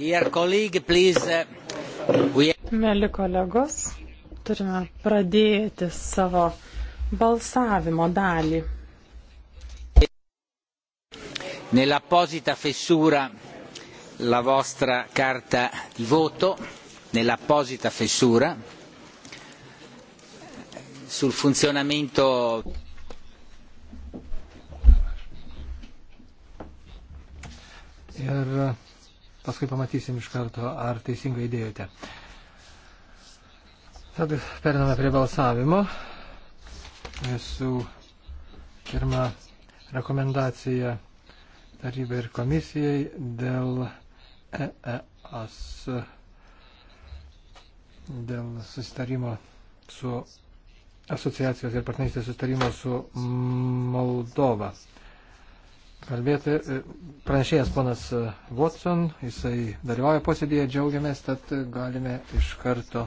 Uh, Mėly kolegos, turime pradėti savo balsavimo dalį. Nell'apposita fessura la vostra carta di voto, nell'apposita fessura sul funzionamento Ir paskui pamatysim iš karto, ar teisingai įdėjote. Tad periname prie balsavimo. Visų pirma rekomendacija tarybai ir komisijai dėl EEAS, dėl susitarimo su asociacijos ir partnerystės susitarimo su Moldova kalbėti. E, pranešėjas ponas e, Watson, jisai dalyvauja posėdėje, džiaugiamės, tad galime iš karto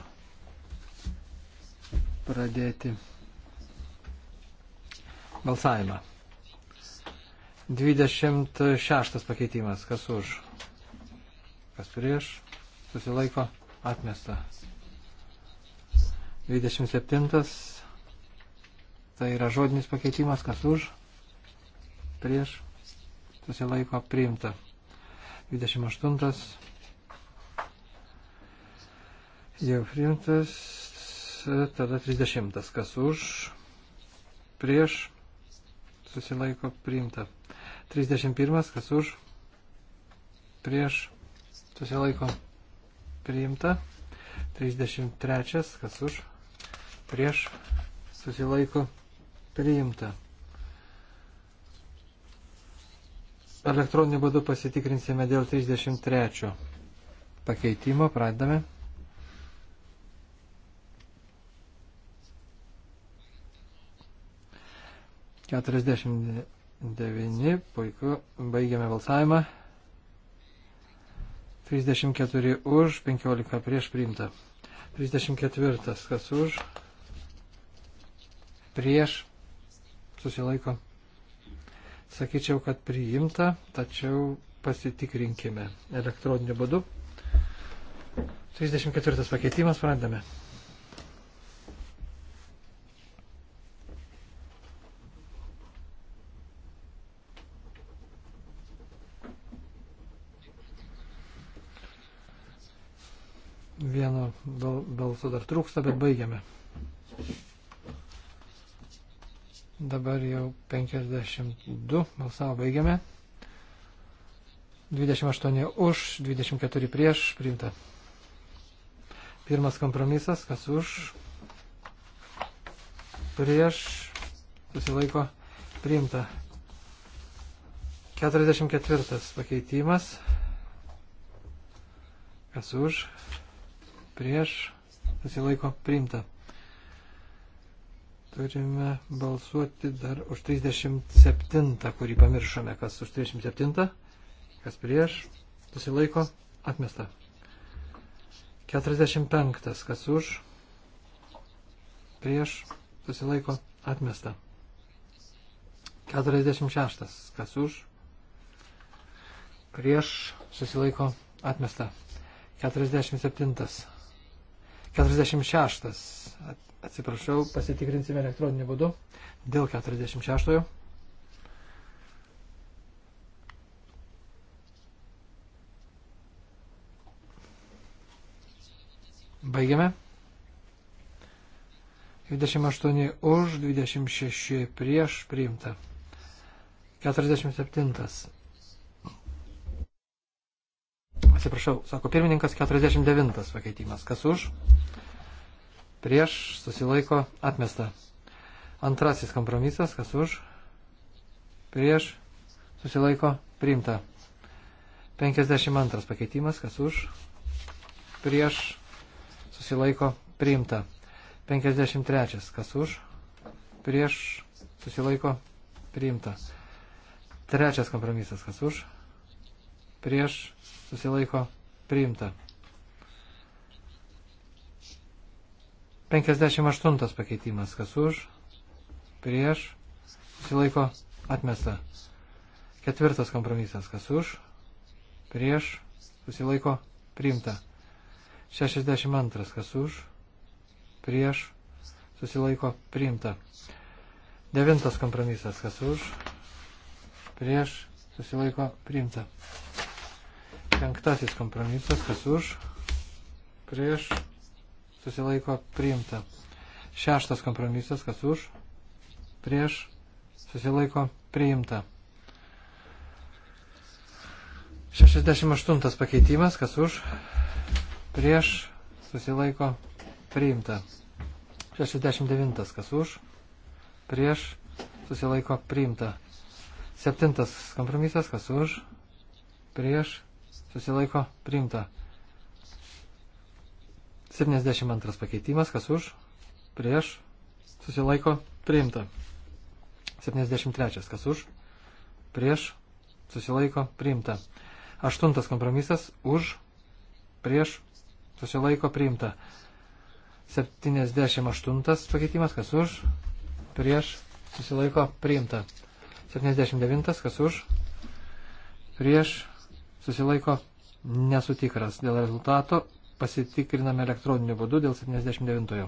pradėti balsavimą. 26 pakeitimas. Kas už? Kas prieš? Susilaiko? Atmesta. 27. Tai yra žodinis pakeitimas. Kas už? Prieš? susilaiko priimta. 28 jau priimtas, tada 30, kas už, prieš, susilaiko priimta. 31, kas už, prieš, susilaiko priimta. 33, kas už, prieš, susilaiko priimta. Elektroniniu būdu pasitikrinsime dėl 33 pakeitimo. Pradedame. Keturiasdešimt devyni, puiku, baigiame balsavimą. 34 už, 15 prieš priimta. 34 kas už, prieš, susilaiko, Sakyčiau, kad priimta, tačiau pasitikrinkime elektroniniu būdu. 34 pakeitimas, pradame. Vieno balso dar trūksta, bet baigiame. Dabar jau 52 balsavo baigiame. 28 už, 24 prieš, priimta. Pirmas kompromisas, kas už, prieš, susilaiko, priimta. 44 pakeitimas, kas už, prieš, susilaiko, priimta. Turime balsuoti dar už 37, kurį pamiršome, kas už 37, kas prieš, susilaiko, atmesta. 45, kas už, prieš, susilaiko, atmesta. 46, kas už, prieš, susilaiko, atmesta. 47 46. Atsiprašau, pasitikrinsime elektroniniu būdu dėl 46. Baigiame. 28 už, 26 prieš priimta. 47. Atsiprašau, sako pirmininkas, 49 pakeitimas. Kas už? prieš susilaiko atmesta. Antrasis kompromisas, kas už, prieš susilaiko priimta. 52 pakeitimas, kas už, prieš susilaiko priimta. 53 kas už, prieš susilaiko priimta. Trečias kompromisas, kas už, prieš susilaiko priimta. 58 pakeitimas, kas už, prieš, susilaiko, atmesta. Ketvirtas kompromisas, kas už, prieš, susilaiko, priimta. 62, kas už, prieš, susilaiko, priimta. Devintas kompromisas, kas už, prieš, susilaiko, priimta. Penktasis kompromisas, kas už, prieš, susilaiko priimta. Šeštas kompromisas, kas už, prieš, susilaiko priimta. 68 pakeitimas, kas už, prieš, susilaiko priimta. 69 kas už, prieš, susilaiko priimta. Septintas kompromisas, kas už, prieš, susilaiko priimta. 72 pakeitimas, kas už, prieš, susilaiko, priimta. 73, kas už, prieš, susilaiko, priimta. 8 kompromisas, už, prieš, susilaiko, priimta. 78 pakeitimas, kas už, prieš, susilaiko, priimta. 79, kas už, prieš, susilaiko, nesutikras dėl rezultato, pasitikriname elektroniniu būdu dėl 79-ojo.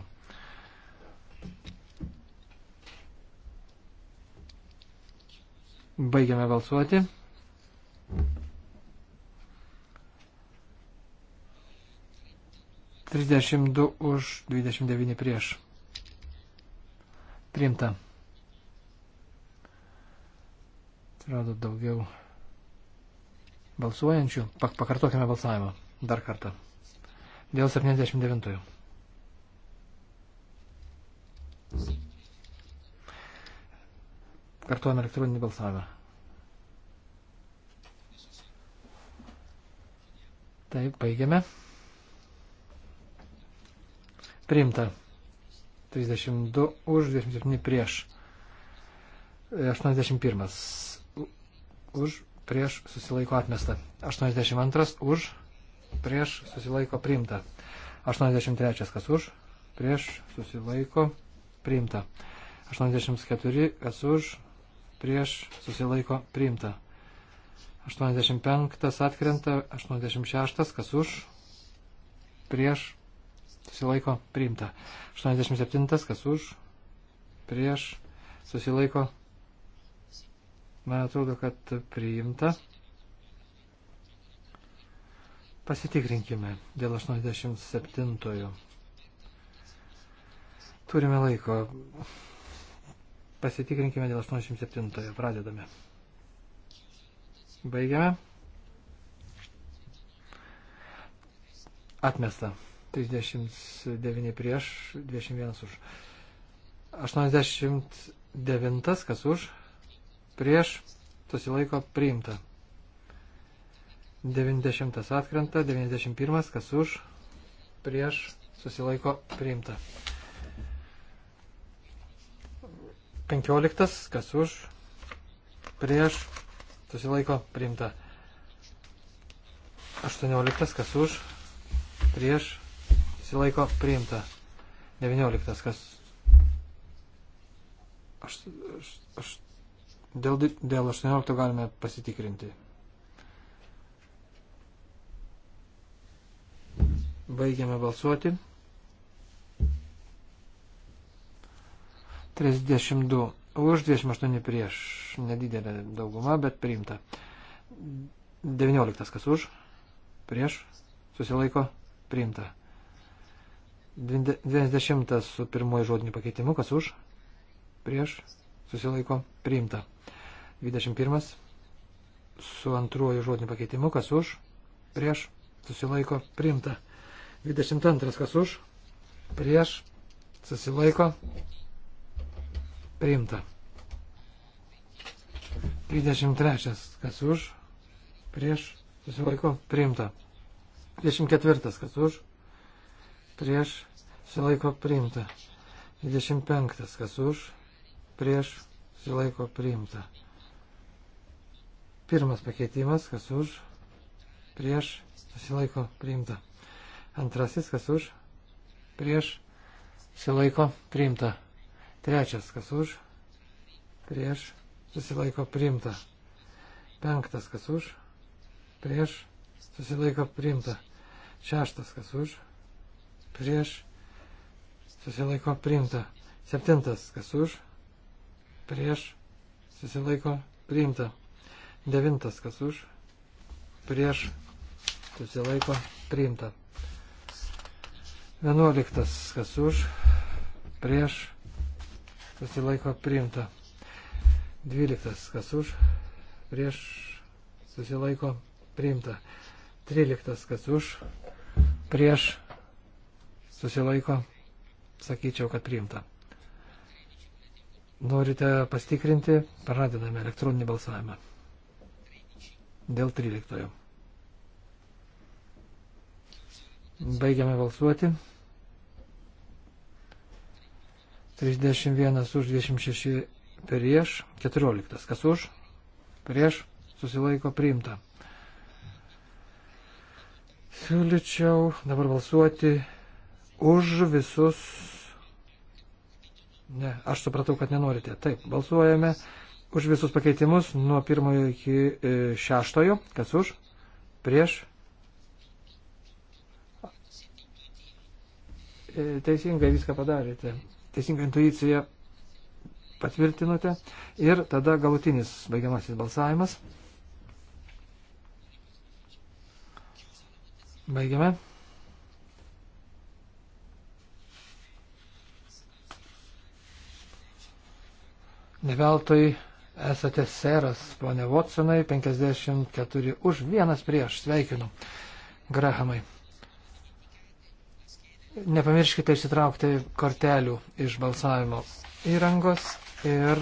Baigiame balsuoti. Trisdešimt du už, dvidešimt devyni prieš. Trimta. Atsirado daugiau balsuojančių. Pakartokime balsavimą. Dar kartą dėl 79. Kartuojame elektroninį balsavimą. Taip, baigiame. Priimta. 32 už, 27 prieš. 81 už, prieš susilaiko atmesta. 82 už prieš susilaiko priimta. 83 kas už, prieš susilaiko priimta. 84 kas už, prieš susilaiko priimta. 85 atkrenta, 86 kas už, prieš susilaiko priimta. 87 kas už, prieš susilaiko priimta man atrodo, kad priimta. Pasitikrinkime dėl 87-ojo. Turime laiko. Pasitikrinkime dėl 87-ojo. Pradedame. Baigiame. Atmesta. 39 prieš, 21 už. 89 kas už, prieš, susilaiko priimta. 90 atkrenta, 91 kas už, prieš susilaiko priimta. 15 kas už, prieš susilaiko priimta. 18 kas už, prieš susilaiko priimta. 19 kas. Aš, aš, aš, dėl, dėl 18 galime pasitikrinti. Baigiame balsuoti. 32 už, 28 prieš. Nedidelė dauguma, bet priimta. 19 kas už, prieš, susilaiko, priimta. 20 su pirmoji žodiniu pakeitimu, kas už, prieš, susilaiko, priimta. 21 su antruoju žodiniu pakeitimu, kas už, prieš, susilaiko, priimta. 22 kas už, prieš, susilaiko, priimta. 23 kas už, prieš, susilaiko, priimta. 24 kas už, prieš, susilaiko, priimta. 25 kas už, prieš, susilaiko, priimta. Pirmas pakeitimas, kas už, prieš, susilaiko, priimta. Antrasis, kas už, prieš, susilaiko, priimta. Trečias, kas už, prieš, susilaiko, priimta. Penktas, kas už, prieš, susilaiko, priimta. Šeštas, kas už, prieš, susilaiko, priimta. Septintas, kas už, prieš, susilaiko, priimta. Devintas, kas už, prieš, susilaiko, priimta. Vienuoliktas, kas už, prieš, susilaiko priimta. Dvyliktas, kas už, prieš, susilaiko priimta. Tryliktas, kas už, prieš, susilaiko, sakyčiau, kad priimta. Norite pastikrinti, pradedame elektroninį balsavimą. Dėl tryliktojo. Baigiame balsuoti. 31 už 26 prieš, 14 kas už, prieš, susilaiko priimta. Siūlyčiau dabar balsuoti už visus. Ne, aš supratau, kad nenorite. Taip, balsuojame už visus pakeitimus nuo pirmojo iki e, šeštojo, kas už, prieš, E, teisingai viską padarėte, teisingą intuiciją patvirtinote ir tada galutinis baigiamasis balsavimas. Baigiame. Neveltui esate seras, ponė Watsonai, 54 už vienas prieš. Sveikinu, Grahamai. Nepamirškite išsitraukti kortelių iš balsavimo įrangos ir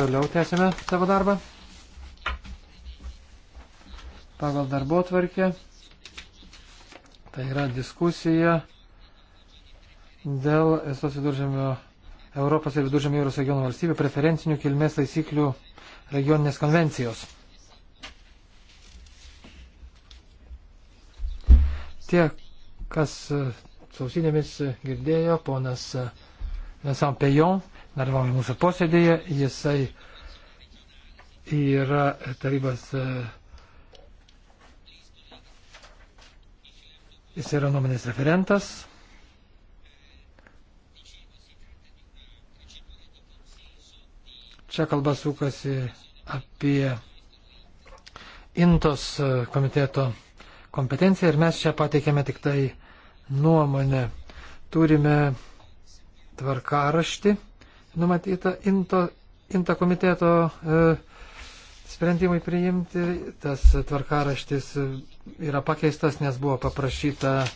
toliau tęsime savo darbą. Pagal darbo tvarkę tai yra diskusija dėl Estos viduržėmio Europos ir viduržėmio jūros regiono valstybių preferencinių kilmės taisyklių regioninės konvencijos. Tie, kas e, sausinėmis e, girdėjo, ponas e, Vincent Pejon, dalyvavo mūsų posėdėje, jisai yra tarybos, jis yra nuomonės referentas. Čia kalba sukasi apie Intos komiteto kompetencija ir mes čia pateikėme tik tai nuomonę. Turime tvarkaraštį numatytą into, into komiteto e, sprendimai priimti. Tas tvarkaraštis yra pakeistas, nes buvo paprašyta e,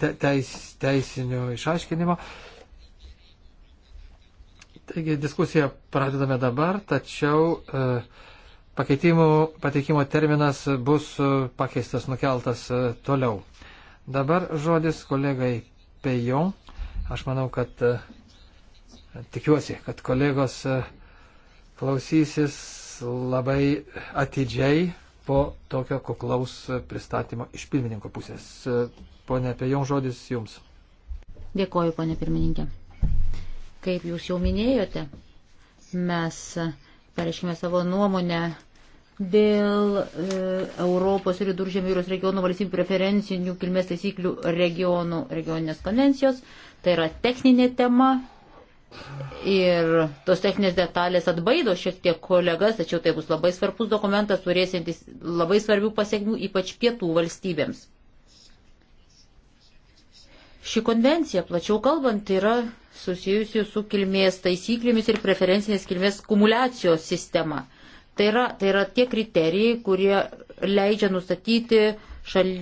te, teis, teisinio išaiškinimo. Taigi diskusiją pradedame dabar, tačiau e, Pakeitimų pateikimo terminas bus pakeistas, nukeltas e, toliau. Dabar žodis kolegai Pejo. Aš manau, kad e, tikiuosi, kad kolegos e, klausysis labai atidžiai po tokio kuklaus pristatymo iš pirmininko pusės. Pone Pejon, žodis jums. Dėkoju, ponė pirmininkė. Kaip jūs jau minėjote, mes pareiškime savo nuomonę dėl e, Europos ir Viduržėmio jūros regiono valstybių preferencinių kilmės taisyklių regionų regioninės konvencijos. Tai yra techninė tema ir tos techninės detalės atbaido šiek tiek kolegas, tačiau tai bus labai svarbus dokumentas, turėsintis labai svarbių pasiekmių ypač pietų valstybėms. Ši konvencija, plačiau kalbant, yra susijusi su kilmės taisyklėmis ir preferencinės kilmės kumulacijos sistema. Tai yra, tai yra tie kriterijai, kurie leidžia nustatyti šal,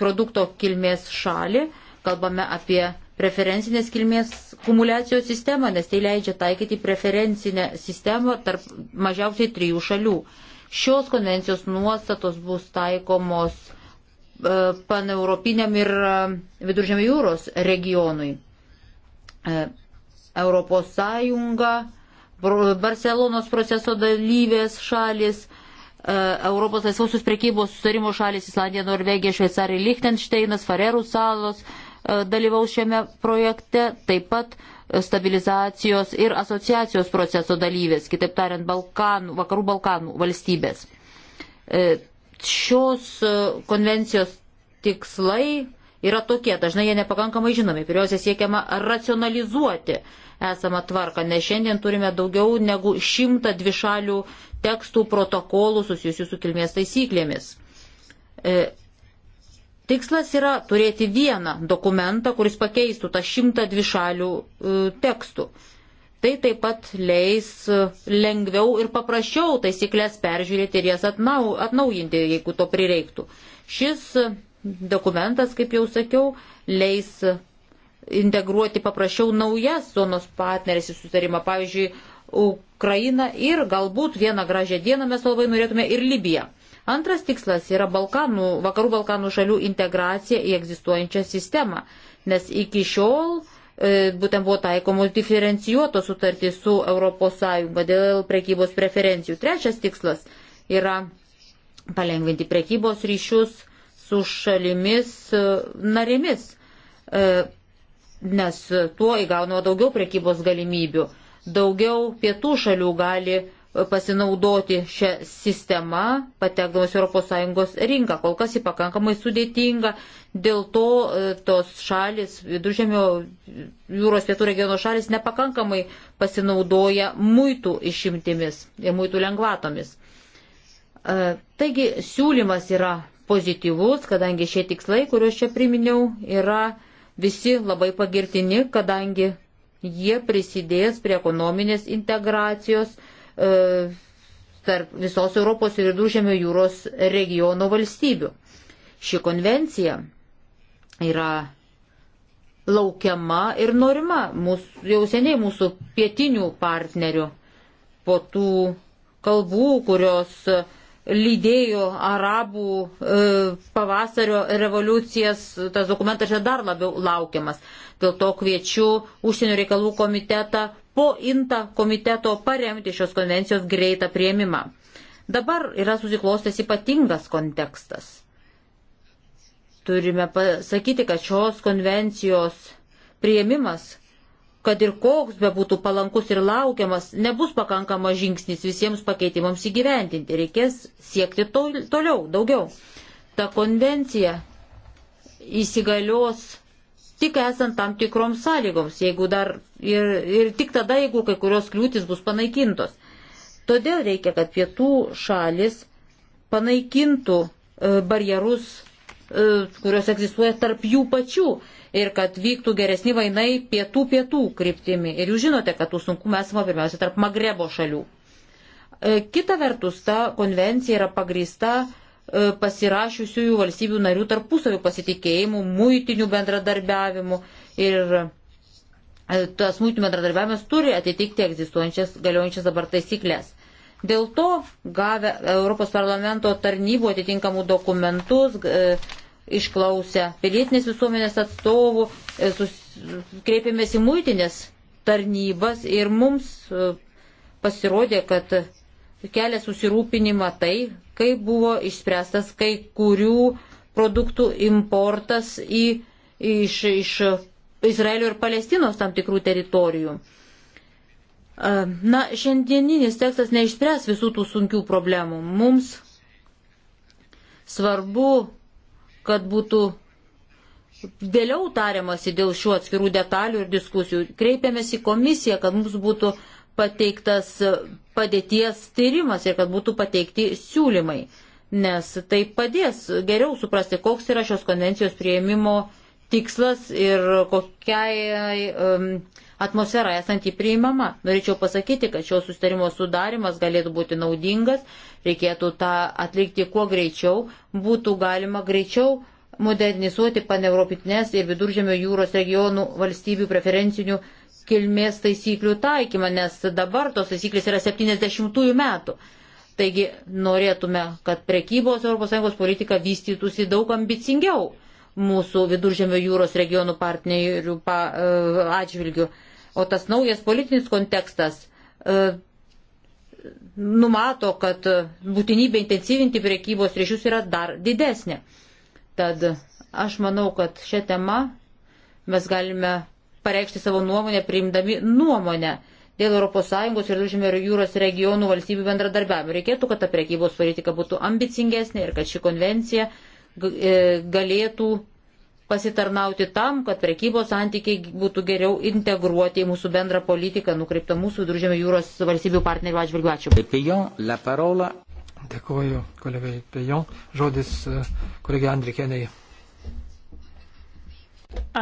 produkto kilmės šalį. Kalbame apie preferencinės kilmės kumulacijos sistemą, nes tai leidžia taikyti preferencinę sistemą tarp mažiausiai trijų šalių. Šios konvencijos nuostatos bus taikomos e, paneuropiniam ir e, viduržėmio jūros regionui. E, Europos Sąjunga Barcelonos proceso dalyvės šalis, e, Europos laisvosios prekybos sustarimo šalis Islandija, Norvegija, Šveicarija, Lichtensteinas, Farerų salos e, dalyvaus šiame projekte, taip pat e, stabilizacijos ir asociacijos proceso dalyvės, kitaip tariant, Balkanų, vakarų Balkanų valstybės. Šios konvencijos tikslai yra tokie, dažnai jie nepakankamai žinomi. Pirmiausia, siekiama racionalizuoti esamą tvarką, nes šiandien turime daugiau negu šimtą dvišalių tekstų protokolų susijusių su kilmės taisyklėmis. E, tikslas yra turėti vieną dokumentą, kuris pakeistų tą šimtą dvišalių e, tekstų. Tai taip pat leis e, lengviau ir paprasčiau taisyklės peržiūrėti ir jas atnau, atnaujinti, jeigu to prireiktų. Šis dokumentas, kaip jau sakiau, leis integruoti paprasčiau naujas zonos partneris į sutarimą. Pavyzdžiui, Ukrainą ir galbūt vieną gražią dieną mes labai norėtume ir Libiją. Antras tikslas yra Balkanų, vakarų Balkanų šalių integracija į egzistuojančią sistemą, nes iki šiol e, būtent buvo taikomos diferencijuotos sutartys su ES dėl prekybos preferencijų. Trečias tikslas yra palengvinti prekybos ryšius su šalimis e, narėmis, e, nes tuo įgauna daugiau prekybos galimybių. Daugiau pietų šalių gali pasinaudoti šią sistemą, patekdamas ES rinką. Kol kas ji pakankamai sudėtinga, dėl to e, tos šalis, viduržėmio jūros pietų regiono šalis nepakankamai pasinaudoja muitų išimtimis ir muitų lengvatomis. Taigi siūlymas yra pozityvus, kadangi šie tikslai, kuriuos čia priminiau, yra visi labai pagirtini, kadangi jie prisidės prie ekonominės integracijos e, tarp visos Europos ir Viduržėmio jūros regiono valstybių. Ši konvencija yra laukiama ir norima mūsų, jau seniai mūsų pietinių partnerių po tų kalbų, kurios lydėjo arabų e, pavasario revoliucijas, tas dokumentas čia dar labiau laukiamas. Dėl to kviečiu užsienio reikalų komitetą po INTA komiteto paremti šios konvencijos greitą prieimimą. Dabar yra susiklostęs ypatingas kontekstas. Turime pasakyti, kad šios konvencijos prieimimas kad ir koks bebūtų palankus ir laukiamas, nebus pakankamas žingsnis visiems pakeitimams įgyvendinti. Reikės siekti to, toliau, daugiau. Ta konvencija įsigalios tik esant tam tikroms sąlygoms, jeigu dar ir, ir tik tada, jeigu kai kurios kliūtis bus panaikintos. Todėl reikia, kad pietų šalis panaikintų e, barjerus E, kurios egzistuoja tarp jų pačių ir kad vyktų geresni mainai pietų-pietų kryptimi. Ir jūs žinote, kad tų sunkumų esame pirmiausia tarp Magrebo šalių. E, kita vertus, ta konvencija yra pagrįsta e, pasirašiusiųjų valstybių narių tarpusavių pasitikėjimų, muitinių bendradarbiavimų ir tas muitinių bendradarbiavimas turi atitikti egzistuojančias galiojančias dabar taisyklės. Dėl to gavę Europos parlamento tarnybų atitinkamų dokumentus, e, išklausę pilietinės visuomenės atstovų, e, kreipėmės į muitinės tarnybas ir mums e, pasirodė, kad kelia susirūpinimą tai, kaip buvo išspręstas kai kurių produktų importas į, iš, iš Izraelio ir Palestinos tam tikrų teritorijų. Na, šiandieninis tekstas neišspręs visų tų sunkių problemų. Mums svarbu, kad būtų vėliau tariamasi dėl šių atskirų detalių ir diskusijų. Kreipiamės į komisiją, kad mums būtų pateiktas padėties tyrimas ir kad būtų pateikti siūlymai, nes tai padės geriau suprasti, koks yra šios konvencijos prieimimo tikslas ir kokiai um, atmosfera esanti priimama. Norėčiau pasakyti, kad šio sustarimo sudarimas galėtų būti naudingas, reikėtų tą atlikti kuo greičiau, būtų galima greičiau modernizuoti paneuropinės ir viduržėmio jūros regionų valstybių preferencinių kilmės taisyklių taikymą, nes dabar tos taisyklės yra 70-ųjų metų. Taigi norėtume, kad prekybos ES politika vystytųsi daug ambicingiau mūsų viduržėmio jūros regionų partnerių pa, e, atžvilgių. E, O tas naujas politinis kontekstas e, numato, kad būtinybė intensyvinti priekybos ryšius yra dar didesnė. Tad aš manau, kad šią temą mes galime pareikšti savo nuomonę, priimdami nuomonę dėl ES ir Dužmėrio jūros regionų valstybių bendradarbiavimo. Reikėtų, kad ta priekybos politika būtų ambicingesnė ir kad ši konvencija e, galėtų pasitarnauti tam, kad prekybos santykiai būtų geriau integruoti į mūsų bendrą politiką, nukreiptą mūsų viduržėmio jūros valstybių partnerių atžvilgiu. Ačiū. Dėkuoju kolegai Pejon. Žodis e, kolegai Andrikėnei.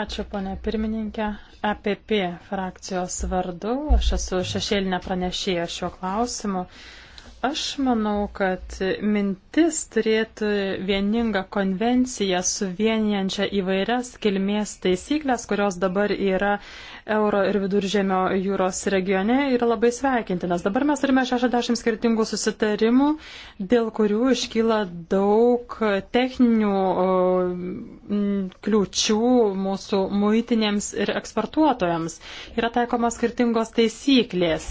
Ačiū, ponė pirmininkė. APP e frakcijos vardu. Aš esu šešėlinė pranešėja šiuo klausimu. Aš manau, kad mintis turėti vieningą konvenciją suvienijančią įvairias kilmės taisyklės, kurios dabar yra Euro ir Viduržėmio jūros regione, yra labai sveikintinas. Dabar mes turime 60 skirtingų susitarimų, dėl kurių iškyla daug techninių kliučių mūsų muitinėms ir eksportuotojams. Yra taikomos skirtingos taisyklės.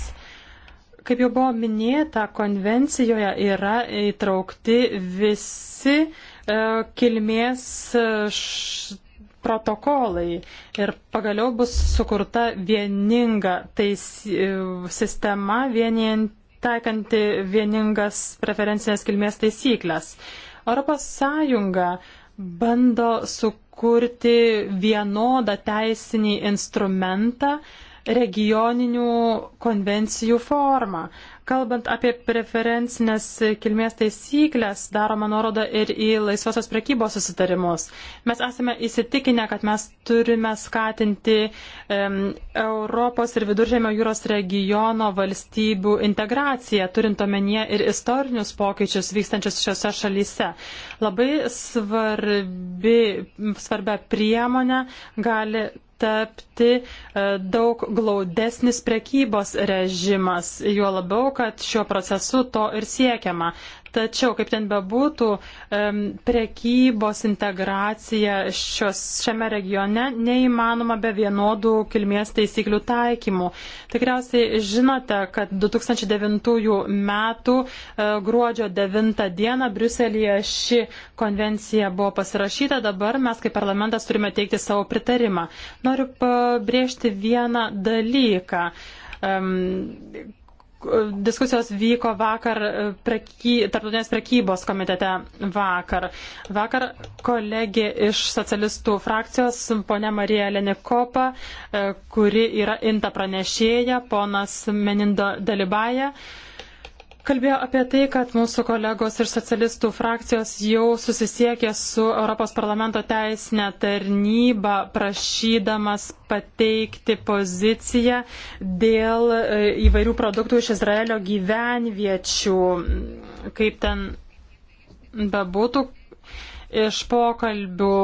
Kaip jau buvo minėta, konvencijoje yra įtraukti visi e, kilmės e, protokolai ir pagaliau bus sukurta vieninga tais, e, sistema, vienijant, taikanti vieningas preferencinės kilmės taisyklės. Europos Sąjunga bando sukurti vienodą teisinį instrumentą, uh, regioninių konvencijų formą. Kalbant apie preferencinės kilmės taisyklės, daroma nuoroda ir į laisvosios prekybos susitarimus. Mes esame įsitikinę, kad mes turime skatinti um, Europos ir Viduržėmio jūros regiono valstybių integraciją, turint omenyje ir istorinius pokyčius vykstančius šiuose šalyse. Labai svarbi, svarbia priemonė gali tapti e, daug glaudesnis prekybos režimas, juo labiau, kad šiuo procesu to ir siekiama. Tačiau, kaip ten bebūtų, prekybos integracija šios, šiame regione neįmanoma be vienodų kilmės taisyklių taikymų. Tikriausiai žinote, kad 2009 metų e, gruodžio 9 dieną Briuselėje ši konvencija buvo pasirašyta, dabar mes kaip parlamentas turime teikti savo pritarimą. Noriu pabrėžti vieną dalyką diskusijos vyko vakar e, preky, tarptautinės prekybos komitete vakar. Vakar kolegė iš socialistų frakcijos, ponė Marija Lenikopa, e, kuri yra inta pranešėja, ponas Menindo Dalibaja kalbėjo apie tai, kad mūsų kolegos ir socialistų frakcijos jau susisiekė su Europos parlamento teisinė tarnyba, prašydamas pateikti poziciją dėl e, įvairių produktų iš Izraelio gyvenviečių, kaip ten bebūtų. Iš pokalbių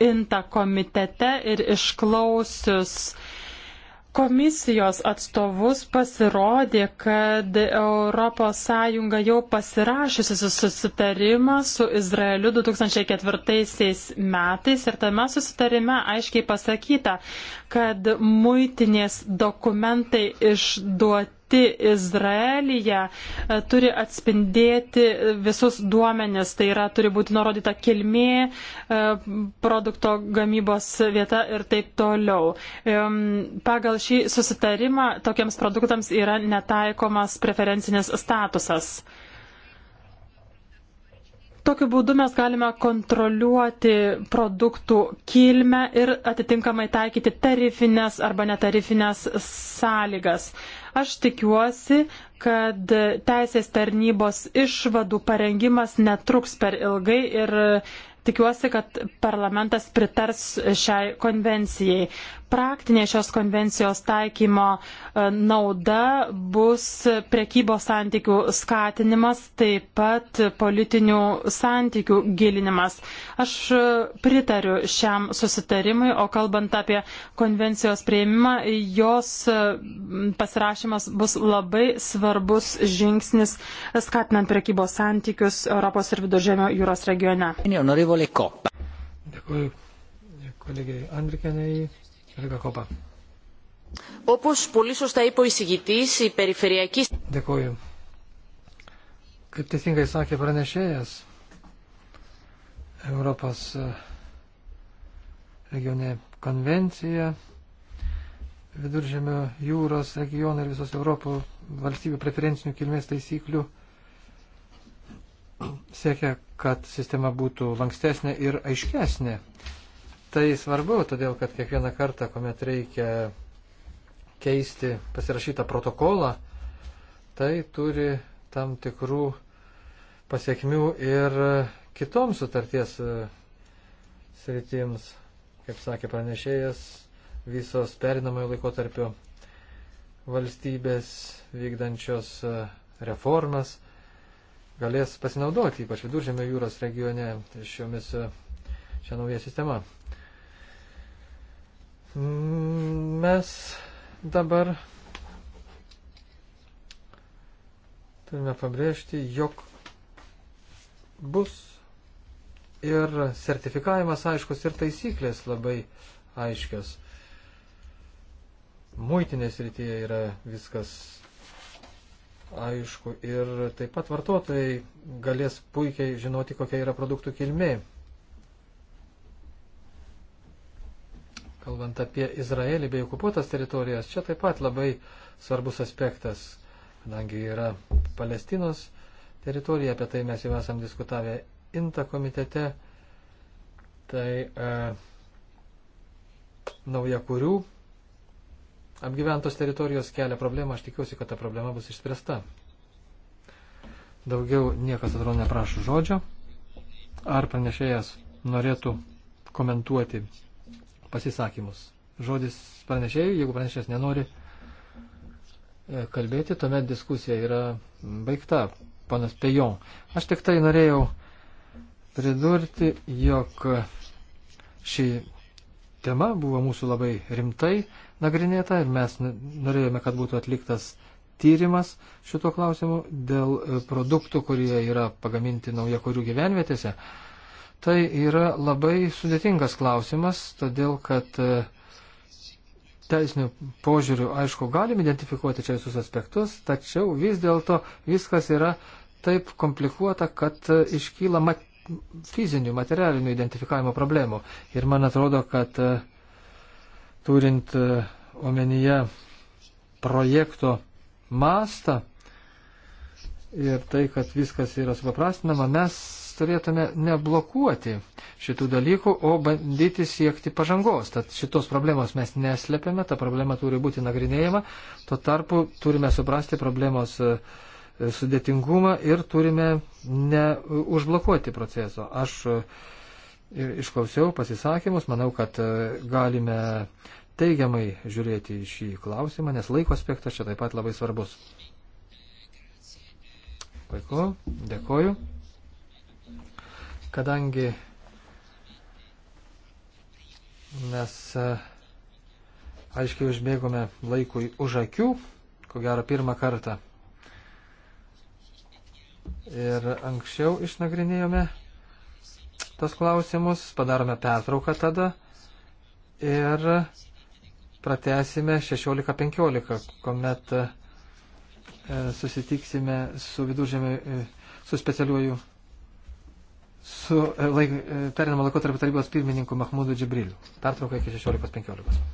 inta komitete ir išklausius uh, komisijos atstovus pasirodė, kad ES jau pasirašysi susitarimą su Izraeliu 2004 metais ir tame susitarime aiškiai pasakyta, kad muitinės dokumentai išduoti pateikti Izraelyje, turi atspindėti visus duomenis. Tai yra, turi būti nurodyta kilmė, e, produkto gamybos vieta ir taip toliau. Pagal šį susitarimą tokiems produktams yra netaikomas preferencinis statusas. Tokiu būdu mes galime kontroliuoti produktų kilmę ir atitinkamai taikyti tarifinės arba netarifinės sąlygas. Aš tikiuosi, kad teisės tarnybos išvadų parengimas netruks per ilgai ir tikiuosi, kad parlamentas pritars šiai konvencijai praktinė šios konvencijos taikymo e, nauda bus prekybos santykių skatinimas, taip pat politinių santykių gilinimas. Aš e, pritariu šiam susitarimui, o kalbant apie konvencijos prieimimą, jos e, pasirašymas bus labai svarbus žingsnis skatinant prekybos santykius Europos ir Viduržėmio jūros regione. Dėkuoju kolegijai Andrikenai. Όπως πολύ σωστά είπε ο εισηγητής, η περιφερειακή... Dėkuoju. Kaip teisingai sakė pranešėjas, Europos e, regionė konvencija, viduržėmio jūros regionai ir visos Europos valstybių preferencinių kilmės taisyklių siekia, kad sistema būtų lankstesnė ir aiškesnė. Tai svarbu, todėl kad kiekvieną kartą, kuomet reikia keisti pasirašytą protokolą, tai turi tam tikrų pasiekmių ir kitoms sutarties e, sritims, kaip sakė pranešėjas, visos perinamojo laikotarpio valstybės vykdančios e, reformas galės pasinaudoti, ypač viduržėmio jūros regione, šiomis e, šią naują sistemą. Mes dabar turime pabrėžti, jog bus ir sertifikavimas aiškus, ir taisyklės labai aiškios. Muitinės rytyje yra viskas aišku ir taip pat vartotojai galės puikiai žinoti, kokia yra produktų kilmė. kalbant apie Izraelį bei okupuotas teritorijas, čia taip pat labai svarbus aspektas, kadangi yra Palestinos teritorija, apie tai mes jau esam diskutavę INTA komitete, tai e, nauja kurių apgyventos teritorijos kelia problemą, aš tikiuosi, kad ta problema bus išspręsta. Daugiau niekas atrodo neprašo žodžio. Ar pranešėjas norėtų komentuoti pasisakymus. Žodis pranešėjai, jeigu pranešėjas nenori e, kalbėti, tuomet diskusija yra baigta, panas Pejon. Aš tik tai norėjau pridurti, jog ši tema buvo mūsų labai rimtai nagrinėta ir mes norėjome, kad būtų atliktas tyrimas šituo klausimu dėl produktų, kurie yra pagaminti naujakurių gyvenvietėse. Tai yra labai sudėtingas klausimas, todėl kad e, teisinių požiūrių, aišku, galim identifikuoti čia visus aspektus, tačiau vis dėlto viskas yra taip komplikuota, kad e, iškyla mat, fizinių, materialinių identifikavimo problemų. Ir man atrodo, kad e, turint omenyje projekto mastą, ir tai, kad viskas yra supaprastinama, mes turėtume neblokuoti šitų dalykų, o bandyti siekti pažangos. Tad šitos problemos mes neslepiame, ta problema turi būti nagrinėjama, tuo tarpu turime suprasti problemos e, e, sudėtingumą ir turime neužblokuoti proceso. Aš e, išklausiau pasisakymus, manau, kad galime teigiamai žiūrėti į šį klausimą, nes laiko aspektas čia taip pat labai svarbus. Puiku, dėkoju. Kadangi mes e, aiškiai užbėgome laikui už akių, ko gero pirmą kartą. Ir anksčiau išnagrinėjome tos klausimus, padarome pertrauką tada ir pratesime 16.15, kuomet E, susitiksime su viduržėmio, e, su specialiuoju, su e, laik, perinamo laikotarpio tarybos pirmininku Mahmudu Džibriliu. Pertrauka iki 16.15.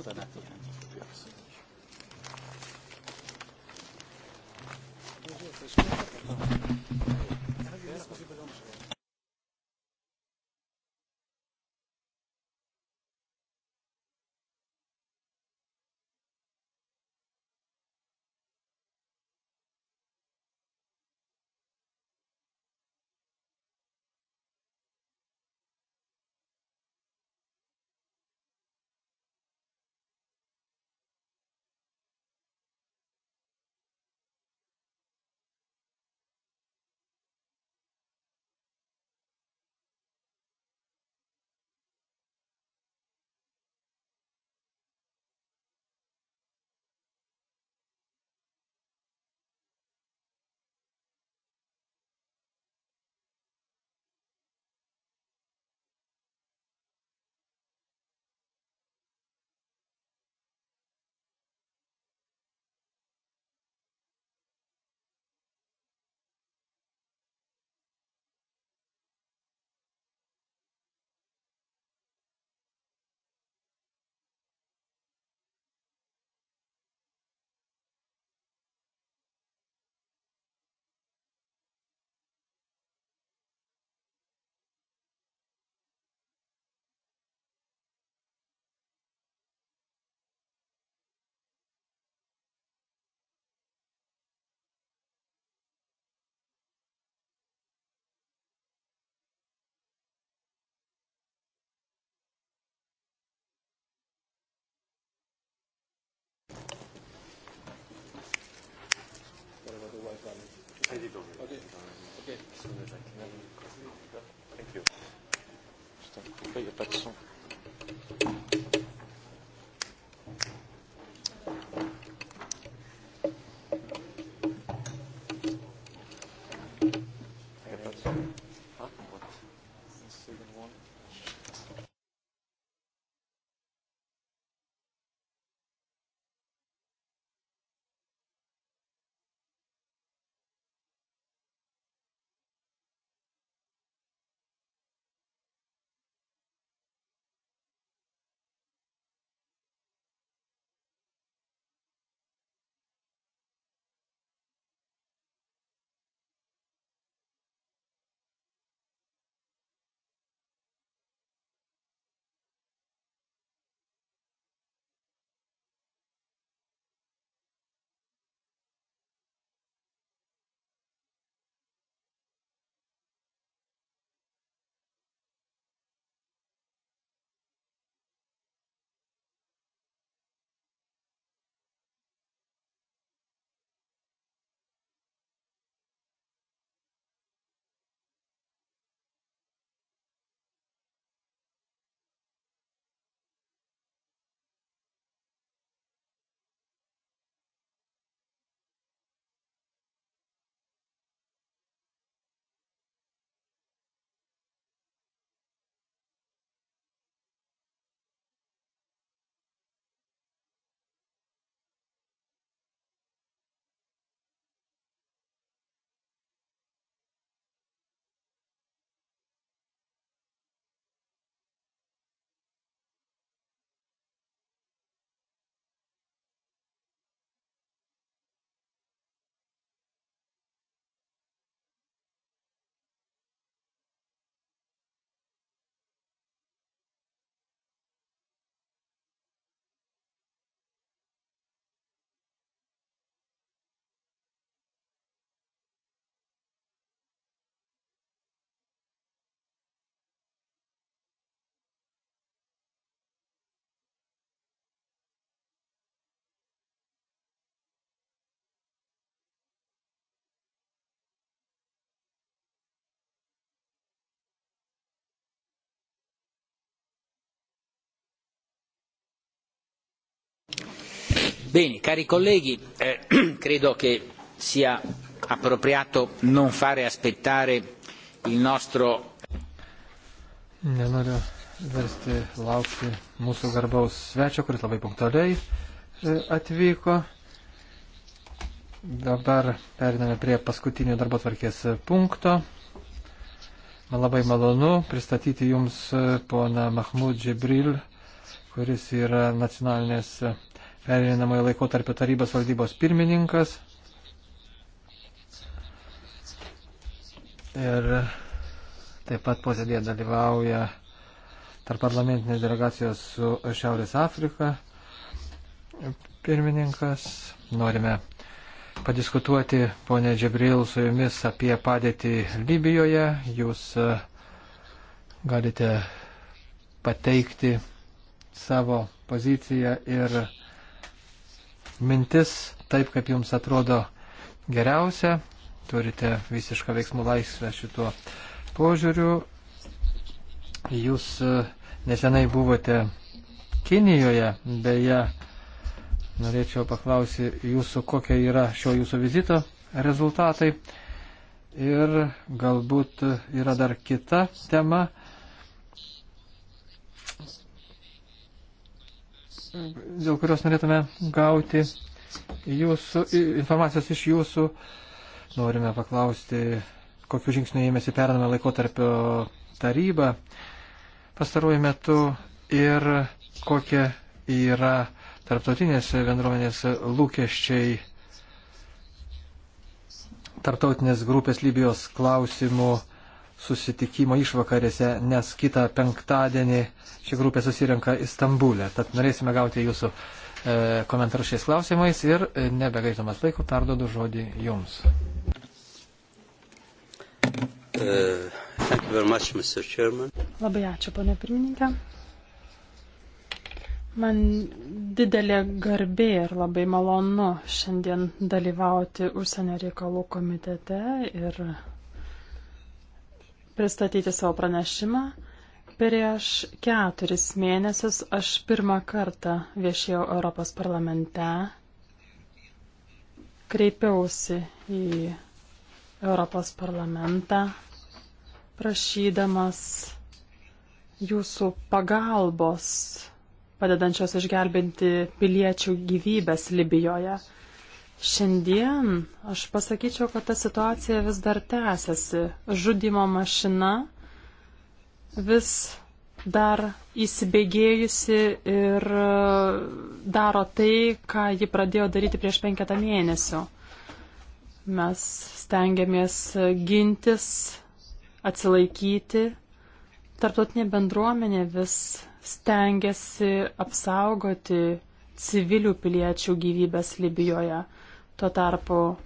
alternativen. Bonjour, soon as I Bene, cari colleghi, eh, credo che sia appropriato non fare aspettare il nostro. Nenoriu versti laukti mūsų garbaus svečio, kuris labai punktualiai e, atvyko. Dabar periname prie paskutinio darbo tvarkės punkto. Man labai malonu pristatyti Jums e, poną Mahmud Džibril, kuris yra nacionalinės perinamojo laiko tarp tarybos valdybos pirmininkas. Ir taip pat posėdėje dalyvauja tarp parlamentinės delegacijos su Šiaurės Afrika pirmininkas. Norime padiskutuoti, ponė Džiabril, su jumis apie padėtį Libijoje. Jūs e, galite pateikti savo poziciją ir mintis taip, kaip jums atrodo geriausia. Turite visišką veiksmų laisvę šituo požiūriu. Jūs e, nesenai buvote Kinijoje, beje, norėčiau paklausyti jūsų, kokie yra šio jūsų vizito rezultatai. Ir galbūt yra dar kita tema, dėl kurios norėtume gauti jūsų, informacijos iš jūsų. Norime paklausti, kokiu žingsniu ėmėsi pername laikotarpio taryba pastaruoju metu ir kokie yra tarptautinės bendruomenės lūkesčiai tarptautinės grupės Libijos klausimų susitikimo išvakarėse, nes kitą penktadienį ši grupė susirenka Istambulė. Tad norėsime gauti jūsų e, komentarus šiais klausimais ir e, nebegaišdamas laiko perdodu žodį jums. Uh, much, Labai ačiū, ponė pirmininkė. Man didelė garbė ir labai malonu šiandien dalyvauti užsienio reikalų komitete ir pristatyti savo pranešimą. Prieš keturis mėnesius aš pirmą kartą viešėjau Europos parlamente, kreipiausi į Europos parlamentą, prašydamas jūsų pagalbos, padedančios išgelbinti piliečių gyvybės Libijoje. Šiandien aš pasakyčiau, kad ta situacija vis dar tęsiasi. Žudimo mašina vis dar įsibėgėjusi ir e, daro tai, ką ji pradėjo daryti prieš penketą mėnesių. Mes stengiamės gintis, atsilaikyti. Tarptautinė bendruomenė vis stengiasi apsaugoti civilių piliečių gyvybės Libijoje. Tuo tarpu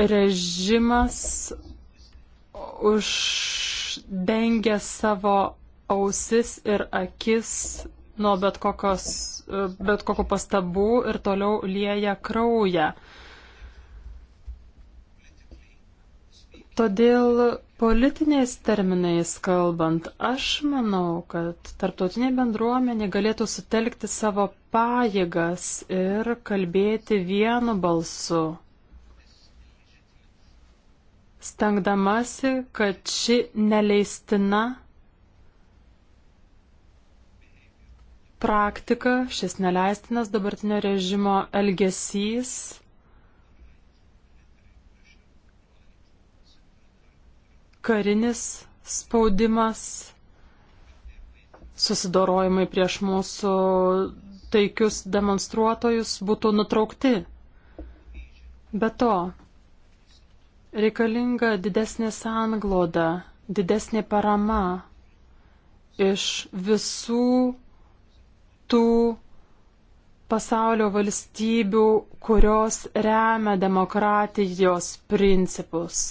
režimas uždengia savo ausis ir akis nuo bet, kokios, bet kokio pastabų ir toliau lieja kraują. Todėl Politiniais terminais kalbant, aš manau, kad tarptautinė bendruomenė galėtų sutelkti savo pajėgas ir kalbėti vienu balsu, stengdamasi, kad ši neleistina praktika, šis neleistinas dabartinio režimo elgesys karinis spaudimas, susidorojimai prieš mūsų taikius demonstruotojus būtų nutraukti. Be to, reikalinga didesnė sangloda, didesnė parama iš visų tų pasaulio valstybių, kurios remia demokratijos principus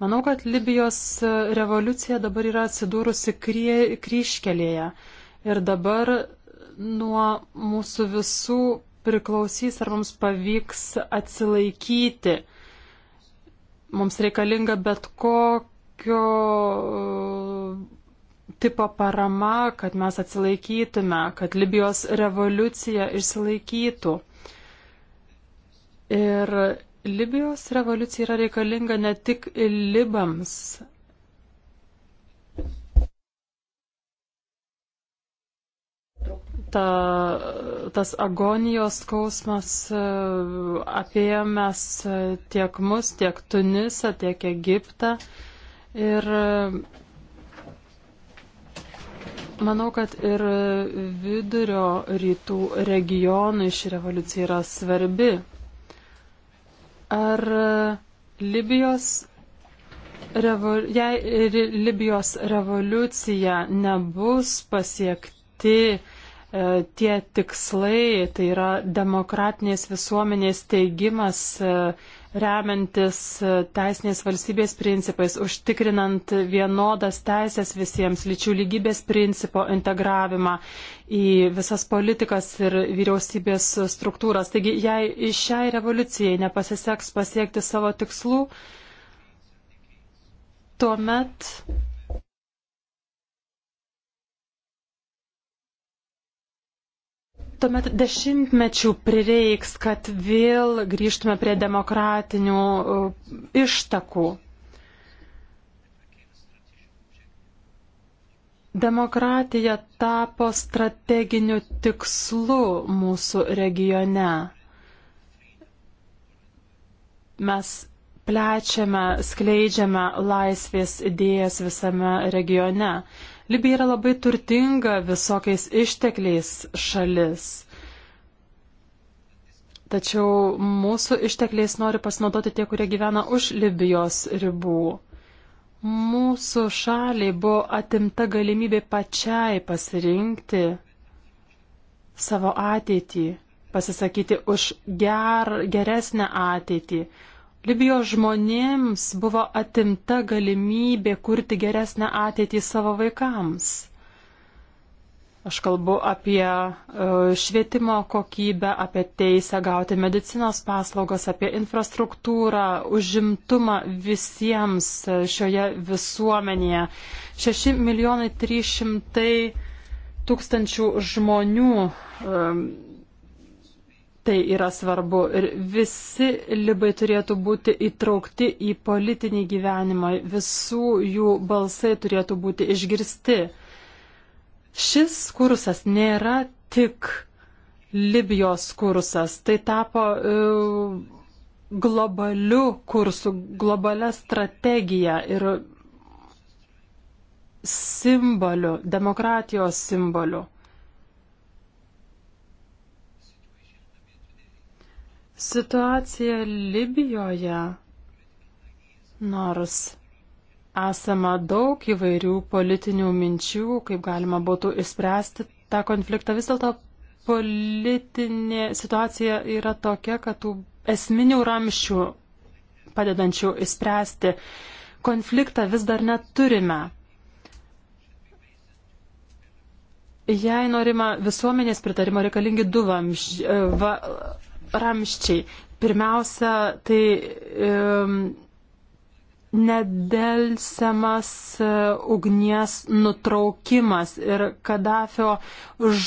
Manau, kad Libijos e, revoliucija dabar yra atsidūrusi krie, kryškelėje ir dabar nuo mūsų visų priklausys, ar mums pavyks atsilaikyti. Mums reikalinga bet kokio e, tipo parama, kad mes asilaikytume, kad Libijos revoliucija išsilaikytų. Ir Libijos revoliucija yra reikalinga ne tik Libams. Ta, tas agonijos skausmas e, apėjomės e, tiek mus, tiek Tunisą, tiek Egiptą. Ir e, Manau, kad ir vidurio rytų regionui ši revoliucija yra svarbi. Ar e, Libijos revol... jei e, Libijos revoliucija nebus pasiekti e, tie tikslai, tai yra demokratinės visuomenės teigimas, e, remiantis e, teisinės valstybės principais, užtikrinant vienodas teisės visiems, lyčių lygybės principo integravimą į visas politikas ir vyriausybės struktūras. Taigi, jei šiai revoliucijai nepasiseks pasiekti savo tikslų, tuomet tuomet dešimtmečių prireiks, kad vėl grįžtume prie demokratinių uh, ištakų. Demokratija tapo strateginiu tikslu mūsų regione. Mes plečiame, skleidžiame laisvės idėjas visame regione. Libija yra labai turtinga visokiais ištekliais šalis. Tačiau mūsų ištekliais nori pasinaudoti tie, kurie gyvena už Libijos ribų. Mūsų šaliai buvo atimta galimybė pačiai pasirinkti savo ateitį, pasisakyti už ger, geresnę ateitį. Libijos žmonėms buvo atimta galimybė kurti geresnę ateitį savo vaikams. Aš kalbu apie e, švietimo kokybę, apie teisę gauti medicinos paslaugas, apie infrastruktūrą, užimtumą visiems e, šioje visuomenėje. 6 milijonai 300 tūkstančių žmonių e, Tai yra svarbu ir visi libai turėtų būti įtraukti į politinį gyvenimą, visų jų balsai turėtų būti išgirsti. Šis kursas nėra tik Libijos kursas, tai tapo e, globaliu kursu, globalia strategija ir simboliu, demokratijos simboliu. Situacija Libijoje, nors esama daug įvairių politinių minčių, kaip galima būtų išspręsti tą konfliktą, vis dėlto politinė situacija yra tokia, kad tų esminių ramščių padedančių įspręsti konfliktą vis dar neturime. Jei norima visuomenės pritarimo reikalingi du vamž... va ramščiai. Pirmiausia, tai um, nedelsiamas e, ugnies nutraukimas ir Kadafio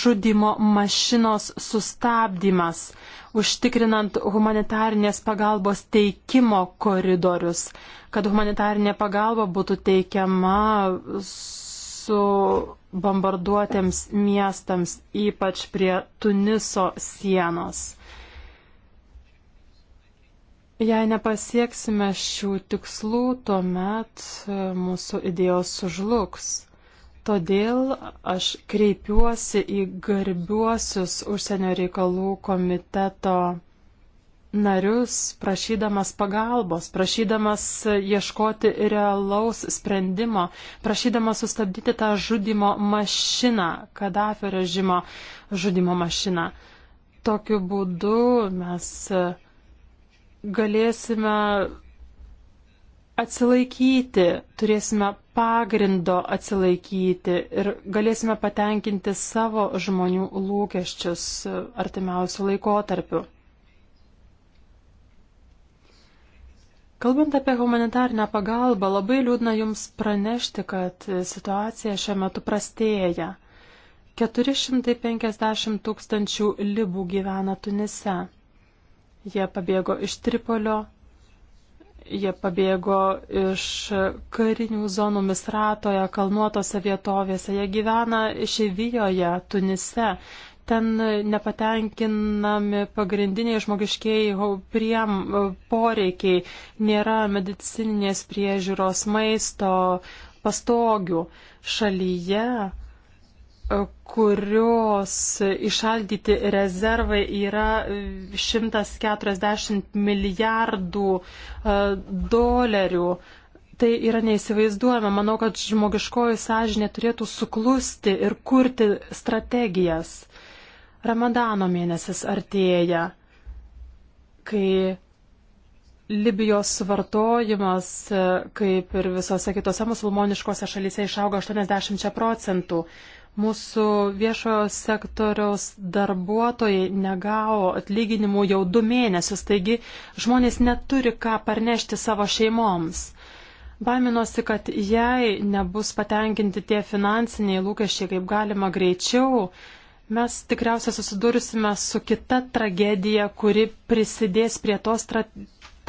žudimo mašinos sustabdymas, užtikrinant humanitarnės pagalbos teikimo koridorius, kad humanitarnė pagalba būtų teikiama su bombarduotėms miestams, ypač prie Tuniso sienos. Jei nepasieksime šių tikslų, tuomet e, mūsų idėjos sužlugs. Todėl aš kreipiuosi į garbiuosius užsienio reikalų komiteto narius, prašydamas pagalbos, prašydamas ieškoti realaus sprendimo, prašydamas sustabdyti tą žudimo mašiną, Kadafio režimo žudimo mašiną. Tokiu būdu mes e, galėsime atsilaikyti, turėsime pagrindo atsilaikyti ir galėsime patenkinti savo žmonių lūkesčius artimiausių laikotarpių. Kalbant apie humanitarnę pagalbą, labai liūdna Jums pranešti, kad situacija šiuo metu prastėja. 450 tūkstančių libų gyvena Tunise. Jie pabėgo iš Tripolio, jie pabėgo iš karinių zonų Misratoje, kalnuotose vietovėse, jie gyvena išeivijoje, Tunise. Ten nepatenkinami pagrindiniai žmogiškiai priem poreikiai, nėra medicininės priežiūros, maisto, pastogių šalyje kurios išaldyti rezervai yra 140 milijardų e, dolerių. Tai yra neįsivaizduojama. Manau, kad žmogiškoji sąžinė turėtų suklusti ir kurti strategijas. Ramadano mėnesis artėja, kai Libijos vartojimas, e, kaip ir visose kitose musulmoniškose šalyse, išauga 80 procentų. Mūsų viešojo sektoriaus darbuotojai negavo atlyginimų jau du mėnesius, taigi žmonės neturi ką parnešti savo šeimoms. Baiminosi, kad jei nebus patenkinti tie finansiniai lūkesčiai kaip galima greičiau, mes tikriausiai susidursime su kita tragedija, kuri prisidės prie tos tra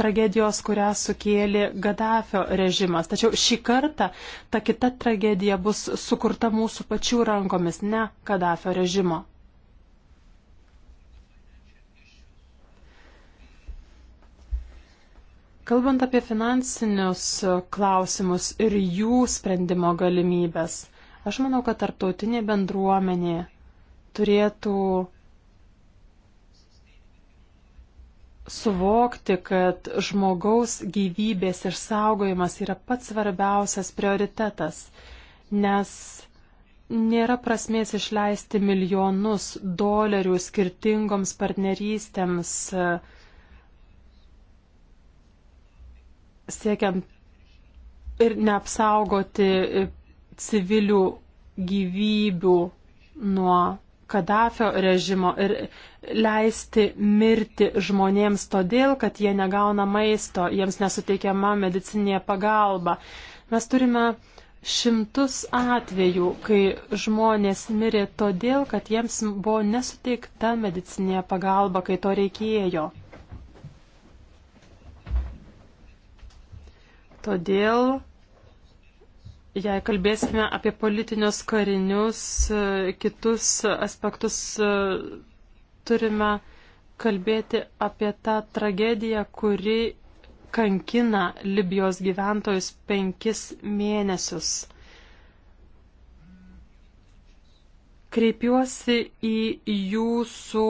tragedijos, kurią sukėlė Gaddafio režimas. Tačiau šį kartą ta kita tragedija bus sukurta mūsų pačių rankomis, ne Gaddafio režimo. Kalbant apie finansinius klausimus ir jų sprendimo galimybės, aš manau, kad tarptautinė bendruomenė turėtų suvokti, kad žmogaus gyvybės išsaugojimas yra pats svarbiausias prioritetas, nes nėra prasmės išleisti milijonus dolerių skirtingoms partnerystėms siekiant ir neapsaugoti civilių gyvybių nuo Kadafio režimo ir leisti mirti žmonėms todėl, kad jie negauna maisto, jiems nesuteikiama medicinė pagalba. Mes turime šimtus atvejų, kai žmonės mirė todėl, kad jiems buvo nesuteikta medicinė pagalba, kai to reikėjo. Todėl Jei kalbėsime apie politinius, karinius, e, kitus aspektus, e, turime kalbėti apie tą tragediją, kuri kankina Libijos gyventojus penkis mėnesius. Kreipiuosi į jūsų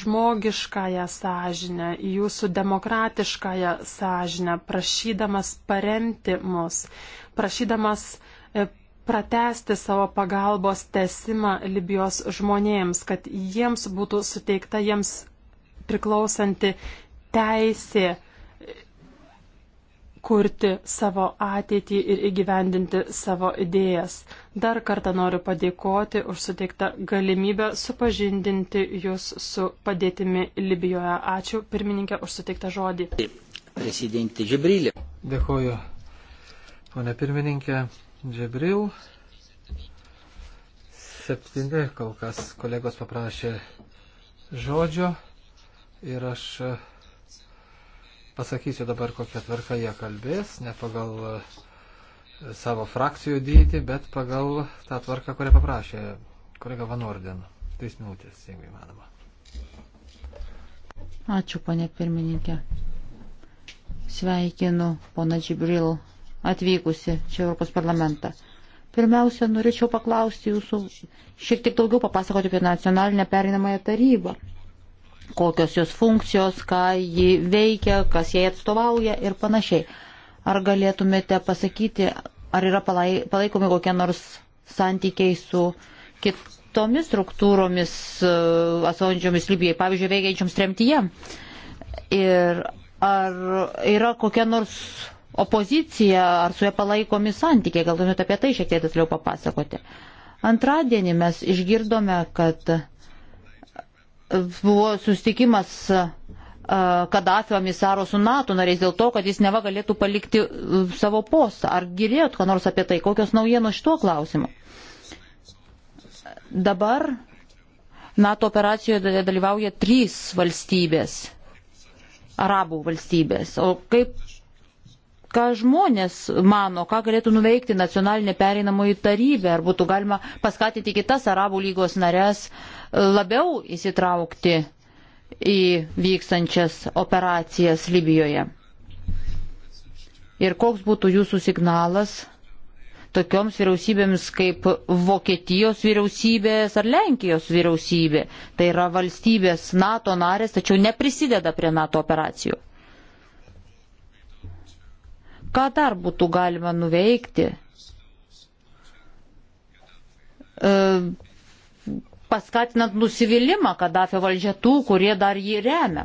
žmogiškąją sąžinę, į jūsų demokratiškąją sąžinę, prašydamas paremti mus, prašydamas e, pratesti savo pagalbos tesimą Libijos žmonėms, kad jiems būtų suteikta jiems priklausanti teisė e, kurti savo ateitį ir įgyvendinti savo idėjas. Dar kartą noriu padėkoti už suteiktą galimybę supažindinti Jūs su padėtimi Libijoje. Ačiū pirmininkė už suteiktą žodį. Prezidentė Džibrilė. Dėkuoju Pone pirmininkė Džebril, septyni kol kas kolegos paprašė žodžio ir aš pasakysiu dabar, kokią tvarką jie kalbės, ne pagal e, savo frakcijų dydį, bet pagal tą tvarką, kurią paprašė kolega Van Orden. 3 minutės, jeigu įmanoma. Ačiū, ponė pirmininkė. Sveikinu, pona Džibril, atvykusi čia Europos parlamentą. Pirmiausia, norėčiau paklausti jūsų, šiek tiek daugiau papasakoti apie nacionalinę perinamąją tarybą. Kokios jos funkcijos, ką ji veikia, kas jai atstovauja ir panašiai. Ar galėtumėte pasakyti, ar yra palaikomi kokie nors santykiai su kitomis struktūromis e, atstovaujančiomis Libijai, pavyzdžiui, veikiančioms tremtyje? Ir ar yra kokia nors opozicija, ar su ja palaikomi santykiai, gal galėtumėte apie tai šiek tiek tiksliau papasakoti. Antradienį mes išgirdome, kad buvo sustikimas Kadafio misaro su NATO nariais dėl to, kad jis neva galėtų palikti savo postą. Ar girdėjot, ką nors apie tai, kokios naujienos šituo klausimu? Dabar NATO operacijoje dalyvauja trys valstybės, arabų valstybės. O kaip ką žmonės mano, ką galėtų nuveikti nacionalinė pereinamoji tarybė, ar būtų galima paskatinti kitas Arabų lygos narės e, labiau įsitraukti į vykstančias operacijas Libijoje. Ir koks būtų jūsų signalas tokioms vyriausybėms kaip Vokietijos vyriausybės ar Lenkijos vyriausybė? Tai yra valstybės NATO narės, tačiau neprisideda prie NATO operacijų. Ką dar būtų galima nuveikti? E, paskatinant nusivylimą Kadafio valdžia tų, kurie dar jį remia.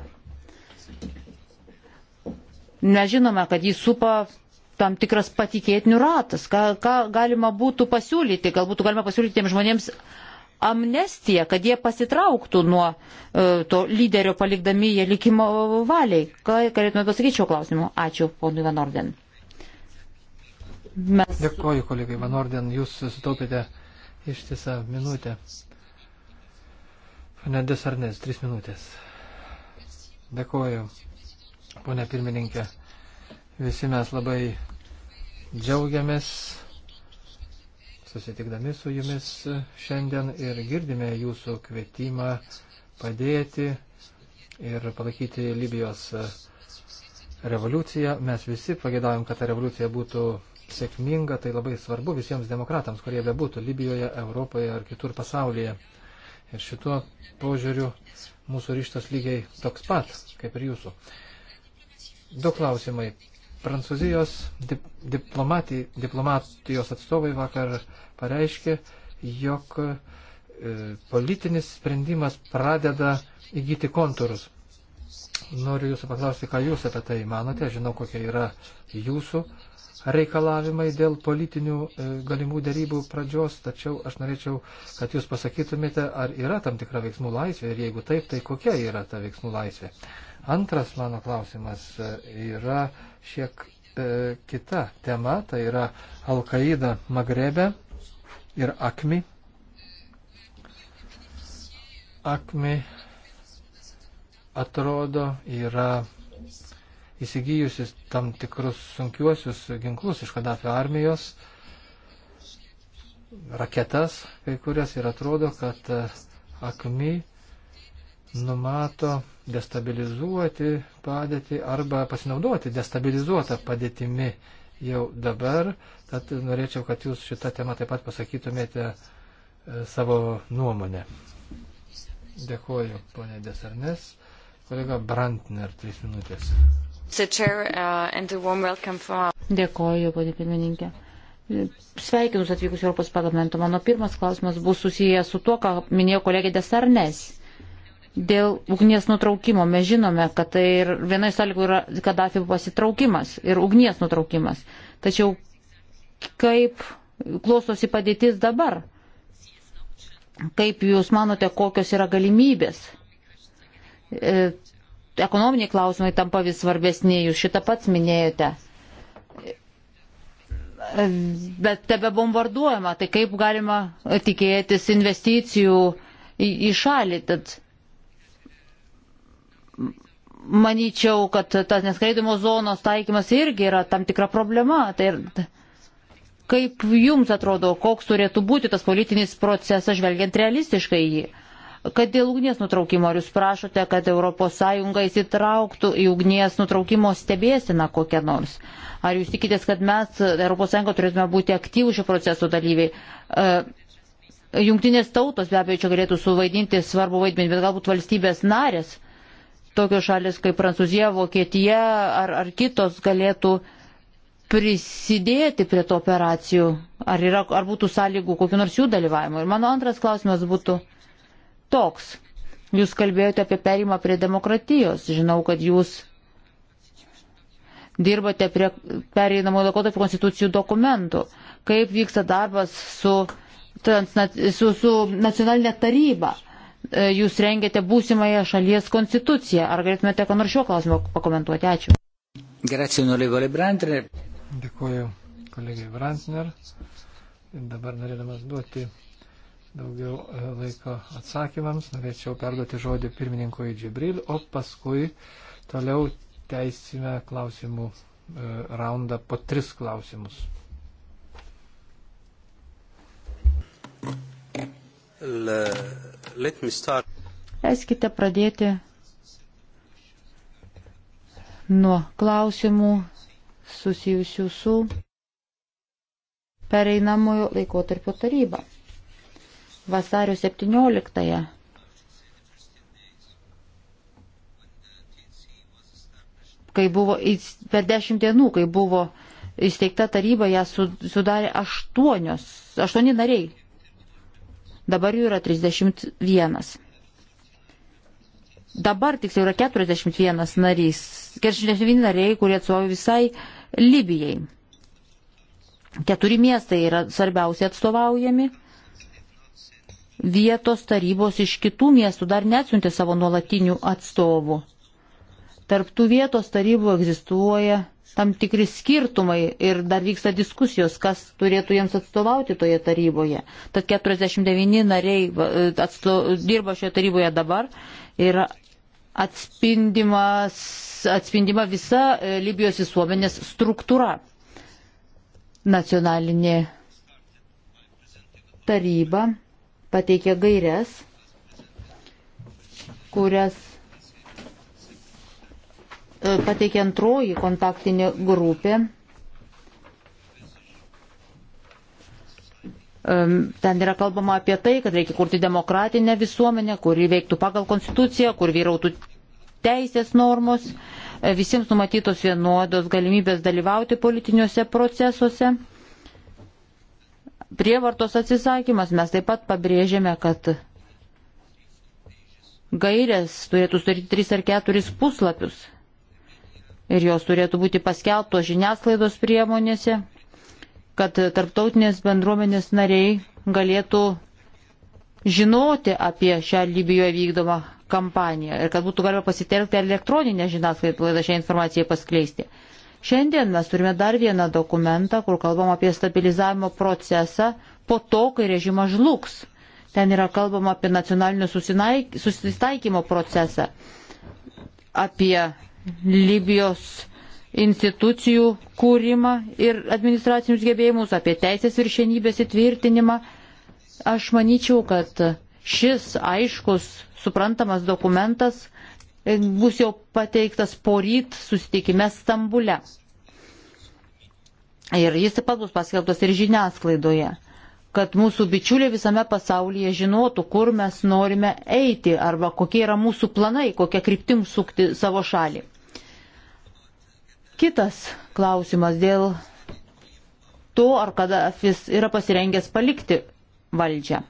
Mes žinome, kad jį supa tam tikras patikėtinių ratas. Ką, ką galima būtų pasiūlyti? Galbūt galima pasiūlyti tiem žmonėms amnestiją, kad jie pasitrauktų nuo e, to lyderio, palikdami jie likimo valiai. Ką galėtume pasakyti šio klausimu? Ačiū, ponui Van Orden. Mes... Dėkoju, kolegai Van Orden, jūs sutaupėte ištisą minutę. Pane Desarnės, tris minutės. Dėkoju, ponė pirmininkė. Visi mes labai džiaugiamės susitikdami su jumis šiandien ir girdime jūsų kvietimą padėti ir palaikyti Libijos revoliuciją. Mes visi pagėdavom, kad ta revoliucija būtų sėkminga, tai labai svarbu visiems demokratams, kurie bebūtų Libijoje, Europoje ar kitur pasaulyje. Ir šituo požiūriu mūsų ryštas lygiai toks pat, kaip ir jūsų. Du klausimai. Prancūzijos diplomati, diplomatijos atstovai vakar pareiškė, jog e, politinis sprendimas pradeda įgyti kontūrus. Noriu jūsų paklausti, ką jūs apie tai manote. Žinau, kokia yra jūsų reikalavimai dėl politinių e, galimų dėrybų pradžios, tačiau aš norėčiau, kad jūs pasakytumėte, ar yra tam tikra veiksmų laisvė ir jeigu taip, tai kokia yra ta veiksmų laisvė. Antras mano klausimas e, yra šiek e, kita tema, tai yra Alkaida Magrebe ir Akmi. Akmi atrodo yra įsigijusius tam tikrus sunkiuosius ginklus iš Kadafio armijos, raketas kai kurias ir atrodo, kad e, akmi numato destabilizuoti padėtį arba pasinaudoti destabilizuotą padėtimi jau dabar. Tad norėčiau, kad jūs šitą temą taip pat pasakytumėte e, savo nuomonę. Dėkuoju, ponė Desarnes. Kolega Brantner, trys minutės. Uh, Dėkoju, ponė pirmininkė. Sveikinus atvykus Europos parlamento. Mano pirmas klausimas bus susijęs su tuo, ką minėjo kolegė Desarnes. Dėl ugnies nutraukimo mes žinome, kad tai ir viena iš sąlygų yra Kadafio pasitraukimas ir ugnies nutraukimas. Tačiau kaip klostosi padėtis dabar? Kaip Jūs manote, kokios yra galimybės? E, ekonominiai klausimai tampa vis svarbesni, jūs šitą pats minėjote. Bet tebe bombarduojama, tai kaip galima tikėtis investicijų į, į šalį. Tad manyčiau, kad tas neskraidimo zonos taikymas irgi yra tam tikra problema. Tai ir, kaip jums atrodo, koks turėtų būti tas politinis procesas, žvelgiant realistiškai į jį? Kad dėl ugnies nutraukimo, ar jūs prašote, kad ES įsitrauktų į ugnies nutraukimo stebėsiną kokią nors? Ar jūs tikitės, kad mes, ES, turėtume būti aktyvų šio proceso dalyviai? E, jungtinės tautos be abejo čia galėtų suvaidinti svarbu vaidmenį, bet galbūt valstybės narės, tokios šalis kaip Prancūzija, Vokietija ar, ar kitos galėtų prisidėti prie to operacijų, ar, yra, ar būtų sąlygų kokiu nors jų dalyvavimu. Ir mano antras klausimas būtų, toks. Jūs kalbėjote apie perimą prie demokratijos. Žinau, kad jūs dirbate prie pereinamo laikotarpio konstitucijų dokumentų. Kaip vyksta darbas su, transnat, su, su nacionalinė taryba? E, jūs rengiate būsimąją šalies konstituciją. Ar galėtumėte ką nors šiuo klausimu pakomentuoti? Ačiū. Grazie, onorevole Brandner. Dėkuoju, kolegai Brandner. Dabar norėdamas duoti daugiau e, laiko atsakymams. Norėčiau perduoti žodį pirmininkui Džibril, o paskui toliau teisime klausimų e, raundą po tris klausimus. Leiskite pradėti nuo klausimų susijusių su pereinamojo laikotarpio taryba vasario 17-ąją. Kai buvo, per dešimt dienų, kai buvo įsteigta taryba, ją sudarė aštuonios, aštuoni nariai. Dabar jų yra 31. Dabar tiksliau yra 41 narys, 41 nariai, kurie atstovauja visai Libijai. Keturi miestai yra svarbiausiai atstovaujami Vietos tarybos iš kitų miestų dar neatsiuntė savo nuolatinių atstovų. Tarptų vietos tarybų egzistuoja tam tikri skirtumai ir dar vyksta diskusijos, kas turėtų jiems atstovauti toje taryboje. Tad 49 nariai atsto, dirba šioje taryboje dabar ir atspindima visa e, Libijos visuomenės struktūra. Nacionalinė taryba pateikė gairias, kurias e, pateikė antroji kontaktinė grupė. E, ten yra kalbama apie tai, kad reikia kurti demokratinę visuomenę, kuri veiktų pagal konstituciją, kur vyrautų teisės normos, e, visiems numatytos vienodos galimybės dalyvauti politiniuose procesuose prievartos atsisakymas. Mes taip pat pabrėžėme, kad gairės turėtų turėti 3 ar 4 puslapius ir jos turėtų būti paskelbtos žiniasklaidos priemonėse, kad tarptautinės bendruomenės nariai galėtų žinoti apie šią Libijoje vykdomą kampaniją ir kad būtų galima pasitelkti elektroninę žiniasklaidą šią informaciją paskleisti. Šiandien mes turime dar vieną dokumentą, kur kalbam apie stabilizavimo procesą po to, kai režimas žlugs. Ten yra kalbama apie nacionalinio susitaikymo procesą, apie Libijos institucijų kūrimą ir administracinius gebėjimus, apie teisės viršenybės įtvirtinimą. Aš manyčiau, kad šis aiškus, suprantamas dokumentas bus jau pateiktas poryt susitikime Stambule. Ir jis taip pat bus paskelbtas ir žiniasklaidoje, kad mūsų bičiuliai visame pasaulyje žinotų, kur mes norime eiti arba kokie yra mūsų planai, kokia kryptim sukti savo šalį. Kitas klausimas dėl to, ar Kadafis yra pasirengęs palikti valdžią.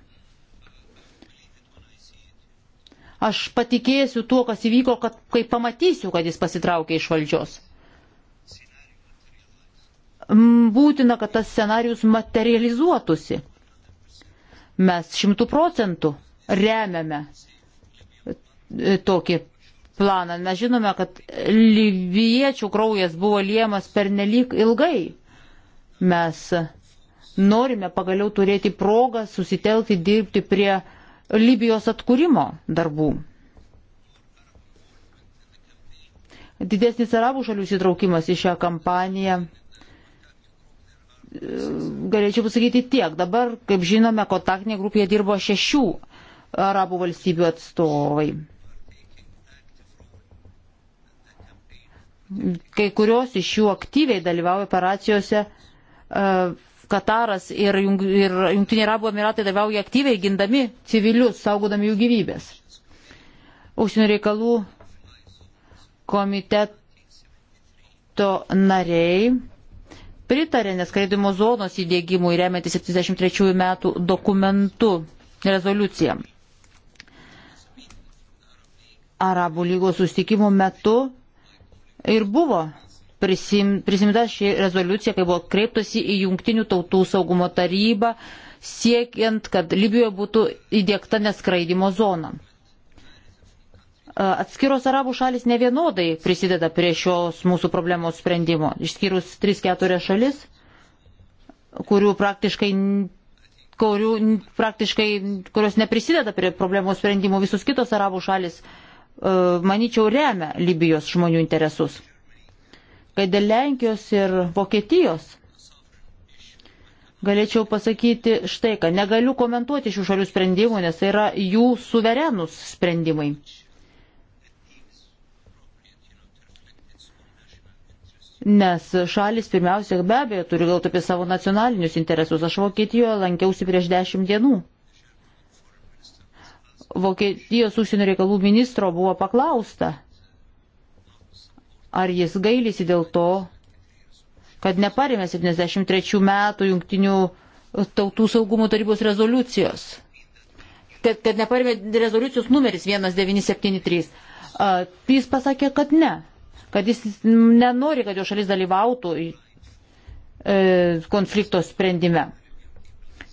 Aš patikėsiu tuo, kas įvyko, kad, kai pamatysiu, kad jis pasitraukė iš valdžios. Būtina, kad tas scenarius materializuotųsi. Mes šimtų procentų remiame e, tokį planą. Mes žinome, kad libiečių kraujas buvo liemas per nelik ilgai. Mes norime pagaliau turėti progą susitelkti dirbti prie Libijos atkūrimo darbų. Didesnis arabų šalių įsitraukimas į šią kampaniją e, galėčiau pasakyti tiek. Dabar, kaip žinome, kontaktinė grupėje dirbo šešių arabų valstybių atstovai. Kai kurios iš jų aktyviai dalyvauja operacijose e, Kataras ir, Jung, ir Jungtiniai Arabų Emiratai dalyvauja aktyviai gindami civilius, saugodami jų gyvybės. Užsienio reikalų komiteto nariai pritarė neskraidimo zonos įdėgymui remiantis 73 metų dokumentu rezoliuciją. Arabų lygos sustikimo metu ir buvo prisim, prisimta ši rezoliucija, kai buvo kreiptasi į Junktinių tautų saugumo tarybą, siekiant, kad Libijoje būtų įdėkta neskraidimo zona. Atskiros arabų šalis ne vienodai prisideda prie šios mūsų problemos sprendimo, išskyrus 3-4 šalis, kurių praktiškai, kurių praktiškai, kurios neprisideda prie problemos sprendimo, visus kitos arabų šalis, manyčiau, remia Libijos žmonių interesus kai dėl Lenkijos ir Vokietijos galėčiau pasakyti štai, kad negaliu komentuoti šių šalių sprendimų, nes tai yra jų suverenus sprendimai. Nes šalis pirmiausia be abejo turi galvoti apie savo nacionalinius interesus. Aš Vokietijoje lankiausi prieš dešimt dienų. Vokietijos užsienio reikalų ministro buvo paklausta Ar jis gailisi dėl to, kad neparėmė 73 metų jungtinių tautų saugumo tarybos rezoliucijos? Kad, kad neparėmė rezoliucijos numeris 1973. Uh, jis pasakė, kad ne. Kad jis nenori, kad jo šalis dalyvautų į, e, konflikto sprendime.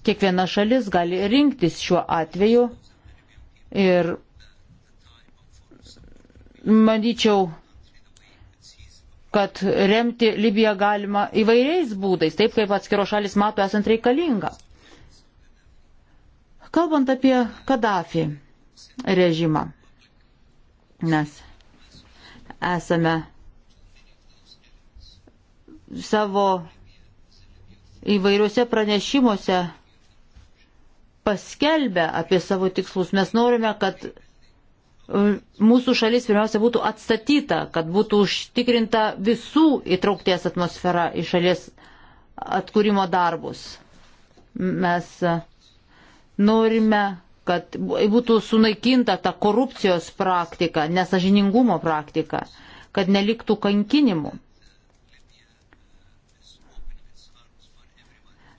Kiekviena šalis gali rinktis šiuo atveju ir manyčiau, kad remti Libiją galima įvairiais būdais, taip kaip atskiro šalis mato esant reikalinga. Kalbant apie Kadafi režimą, mes esame savo įvairiuose pranešimuose paskelbę apie savo tikslus. Mes norime, kad mūsų šalis pirmiausia būtų atstatyta, kad būtų užtikrinta visų įtraukties atmosfera į šalies atkūrimo darbus. Mes e, norime, kad būtų sunaikinta ta korupcijos praktika, nesažiningumo praktika, kad neliktų kankinimų.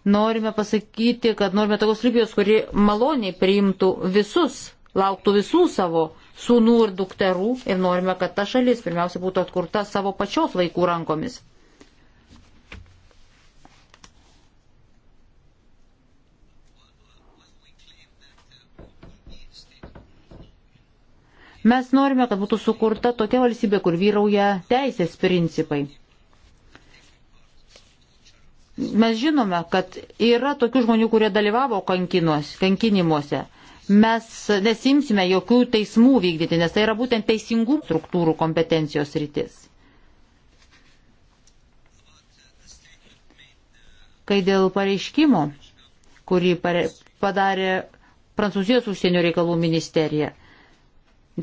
Norime pasakyti, kad norime tokios Libijos, kuri maloniai priimtų visus, lauktų visų savo uh, sūnų ir dukterų ir norime, kad ta šalis pirmiausia būtų atkurta savo pačios vaikų rankomis. Mes norime, kad būtų sukurta tokia valstybė, kur vyrauja teisės principai. Mes žinome, kad yra tokių žmonių, kurie dalyvavo kankinimuose mes nesimsime jokių teismų vykdyti, nes tai yra būtent teisingų struktūrų kompetencijos rytis. Kai dėl pareiškimo, kurį padarė Prancūzijos užsienio reikalų ministerija,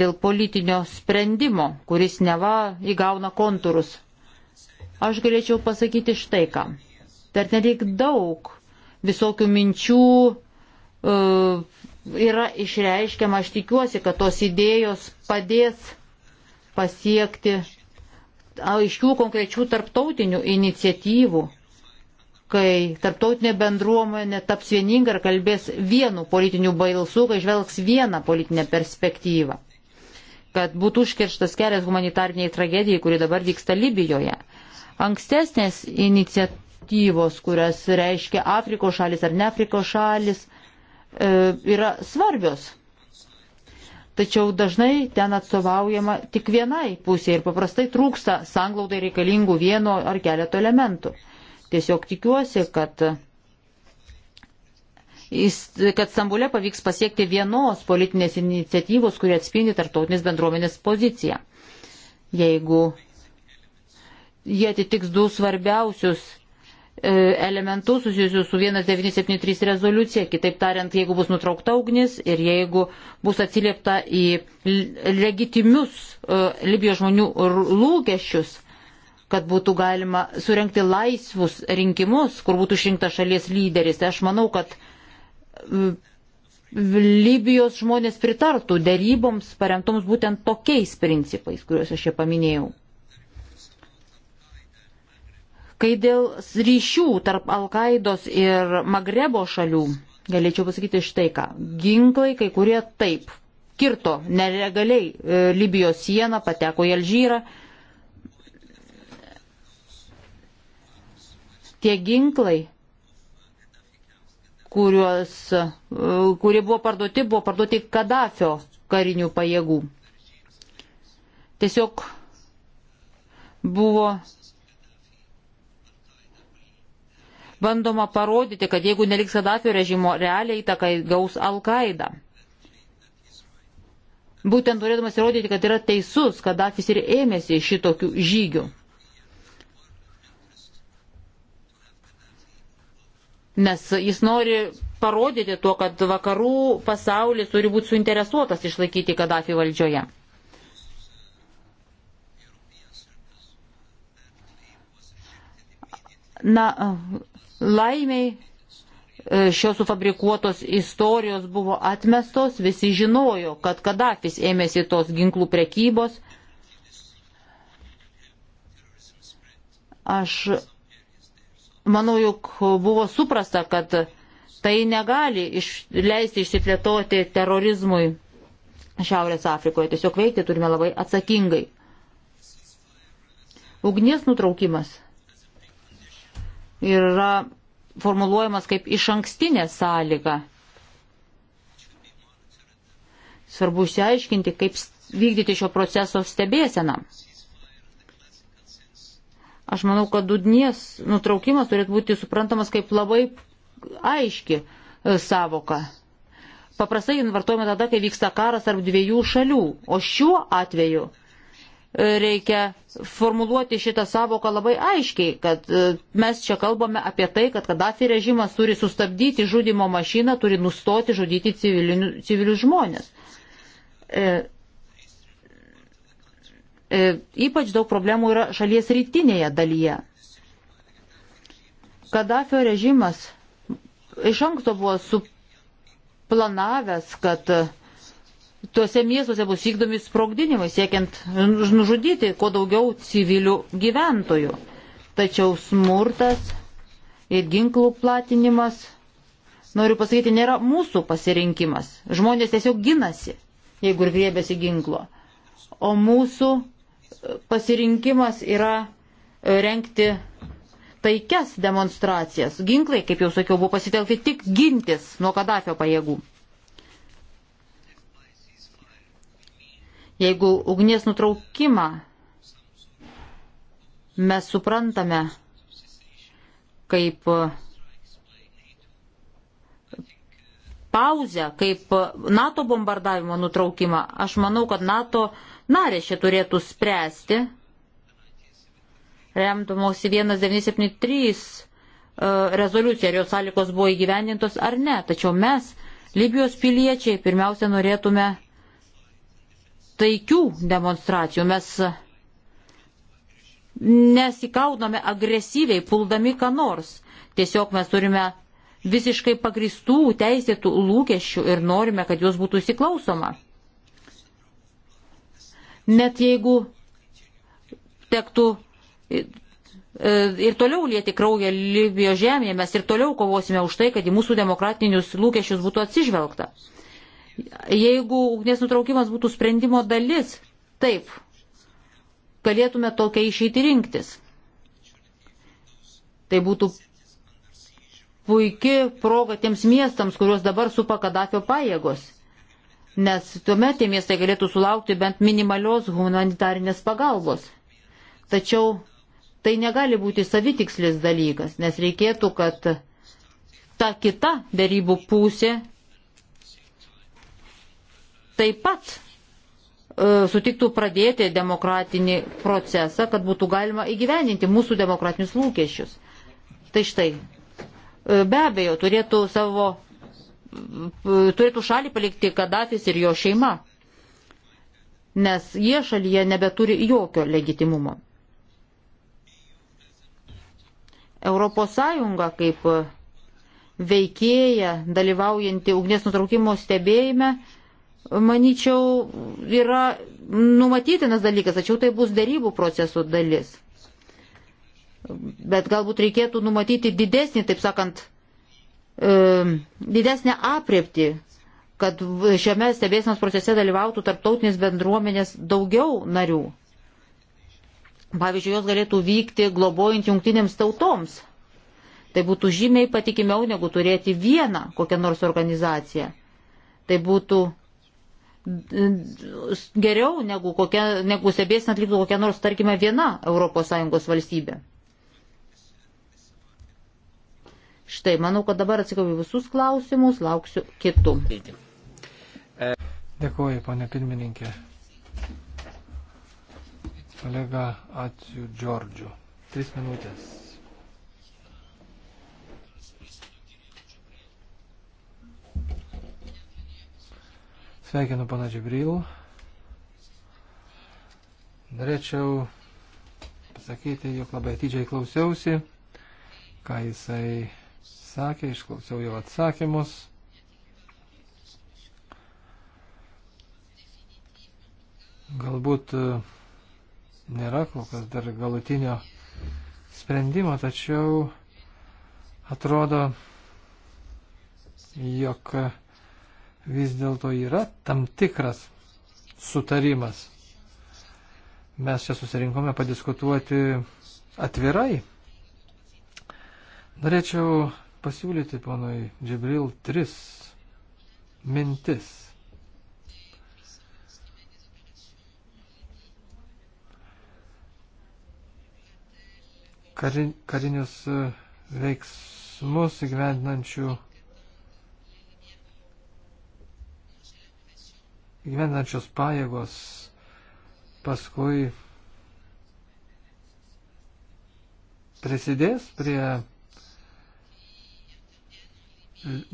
dėl politinio sprendimo, kuris neva įgauna kontūrus, aš galėčiau pasakyti štai ką. Per nereik daug visokių minčių, uh, yra išreiškiama. Aš tikiuosi, kad tos idėjos padės pasiekti aiškių konkrečių tarptautinių iniciatyvų, kai tarptautinė bendruomenė taps vieninga ir kalbės vienu politiniu bailsu, kai žvelgs vieną politinę perspektyvą kad būtų užkirštas kelias humanitarniai tragedijai, kuri dabar vyksta Libijoje. Ankstesnės iniciatyvos, kurias reiškia Afrikos šalis ar ne Afrikos šalis, E, yra svarbios. Tačiau dažnai ten atstovaujama tik vienai pusė ir paprastai trūksta sanglaudai reikalingų vieno ar keleto elementų. Tiesiog tikiuosi, kad, kad Stambulė pavyks pasiekti vienos politinės iniciatyvos, kurie atspindi tarptautinės bendruomenės poziciją. Jeigu jie atitiks du svarbiausius E, elementus susijusius su 1973 rezoliucija, kitaip tariant, jeigu bus nutraukta ugnis ir jeigu bus atsiliepta į legitimius e, Libijos žmonių lūkesčius, kad būtų galima surenkti laisvus rinkimus, kur būtų išrinktas šalies lyderis. Tai aš manau, kad e, Libijos žmonės pritartų deryboms paremtoms būtent tokiais principais, kuriuos aš čia paminėjau. Kai dėl ryšių tarp Alkaidos ir Magrebo šalių, galėčiau pasakyti štai ką. Ginklai kai kurie taip kirto nelegaliai e, Libijos sieną, pateko į Alžyrą. Tie ginklai, kuriuos, e, kurie buvo parduoti, buvo parduoti Kadafio karinių pajėgų. Tiesiog buvo bandoma parodyti, kad jeigu neliks Gaddafio režimo, realiai įtaką gaus Al-Qaeda. Būtent norėdamas įrodyti, kad yra teisus, Gaddafis ir ėmėsi šitokių žygių. Nes jis nori parodyti tuo, kad vakarų pasaulis turi būti suinteresuotas išlaikyti Gaddafį valdžioje. Na, Laimiai e, šios sufabrikuotos istorijos buvo atmestos, visi žinojo, kad Kadafis ėmėsi tos ginklų prekybos. Aš manau, jog buvo suprasta, kad tai negali iš, leisti išsiplėtoti terorizmui Šiaurės Afrikoje. Tiesiog veikti turime labai atsakingai. Ugnies nutraukimas yra formuluojamas kaip iš ankstinė sąlyga. Svarbu išsiaiškinti, kaip vykdyti šio proceso stebėseną. Aš manau, kad dudnies nutraukimas turėtų būti suprantamas kaip labai aiški e, savoka. Paprastai vartojame tada, kai vyksta karas tarp dviejų šalių, o šiuo atveju reikia formuluoti šitą savoką labai aiškiai, kad e, mes čia kalbame apie tai, kad Kadafi režimas turi sustabdyti žudimo mašiną, turi nustoti žudyti civilius žmonės. E, e, ypač daug problemų yra šalies rytinėje dalyje. Kadafio režimas iš anksto buvo suplanavęs, kad e, tuose miestuose bus vykdomi sprogdinimai, siekiant nužudyti kuo daugiau civilių gyventojų. Tačiau smurtas ir ginklų platinimas, noriu pasakyti, nėra mūsų pasirinkimas. Žmonės tiesiog ginasi, jeigu ir griebėsi ginklo. O mūsų e, pasirinkimas yra e, renkti taikias demonstracijas. Ginklai, kaip jau sakiau, buvo pasitelkti tik gintis nuo Kadafio pajėgų. Jeigu ugnies nutraukimą mes suprantame kaip pauzę, kaip NATO bombardavimo nutraukimą, aš manau, kad NATO narės čia turėtų spręsti, remdamosi 1973 e, rezoliucija, ar jos sąlygos buvo įgyvendintos ar ne. Tačiau mes, Libijos piliečiai, pirmiausia norėtume taikių demonstracijų. Mes nesikauname agresyviai, puldami ką nors. Tiesiog mes turime visiškai pagristų teisėtų lūkesčių ir norime, kad jos būtų įsiklausoma. Net jeigu tektų e, e, ir toliau lieti kraują Libijos žemėje, mes ir toliau kovosime už tai, kad į mūsų demokratinius lūkesčius būtų atsižvelgta. Jeigu ugnies nutraukimas būtų sprendimo dalis, taip, galėtume tokią išeitį rinktis. Tai būtų puikia proga tiems miestams, kuriuos dabar supa Kadafio pajėgos. Nes tuomet tie miestai galėtų sulaukti bent minimalios humanitarinės pagalbos. Tačiau tai negali būti savitikslis dalykas, nes reikėtų, kad ta kita darybų pusė taip pat e, sutiktų pradėti demokratinį procesą, kad būtų galima įgyveninti mūsų demokratinius lūkesčius. Tai štai, e, be abejo, turėtų savo, e, turėtų šalį palikti Kadafis ir jo šeima, nes jie šalyje nebeturi jokio legitimumo. Europos Sąjunga kaip veikėja, dalyvaujanti ugnies nutraukimo stebėjime, manyčiau, yra numatytinas dalykas, tačiau tai bus darybų procesų dalis. Bet galbūt reikėtų numatyti didesnį, taip sakant, e, didesnę apriepti, kad šiame stebėsinos procese dalyvautų tarptautinės bendruomenės daugiau narių. Pavyzdžiui, jos galėtų vykti globojant jungtinėms tautoms. Tai būtų žymiai patikimiau negu turėti vieną kokią nors organizaciją. Tai būtų geriau negu, kokia, negu stebėsina atliktų kokia nors, tarkime, viena ES valstybė. Štai, manau, kad dabar atsikau visus klausimus, lauksiu kitų. Dėkuoju, ponė pirmininkė. Kolega Ačiū Džordžiu. Tris minutės. Sveikinu pana Džibril. Norėčiau pasakyti, jog labai atidžiai klausiausi, ką jisai sakė, išklausiau jo atsakymus. Galbūt e, nėra kol kas dar galutinio sprendimo, tačiau atrodo, jog vis dėlto yra tam tikras sutarimas. Mes čia susirinkome padiskutuoti atvirai. Norėčiau pasiūlyti ponui Džibril tris mintis. Karin, karinius veiksmus įgyvendinančių gyvenančios pajėgos paskui prisidės prie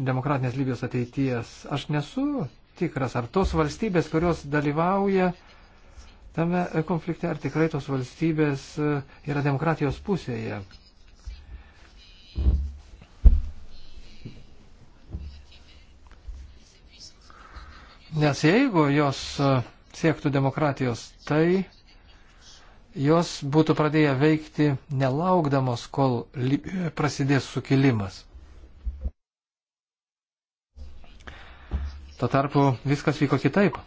demokratinės Libijos ateities. Aš nesu tikras, ar tos valstybės, kurios dalyvauja tame konflikte, ar tikrai tos valstybės yra demokratijos pusėje. Nes jeigu jos e, siektų demokratijos, tai jos būtų pradėję veikti nelaukdamos, kol e, prasidės sukilimas. Tuo tarpu viskas vyko kitaip.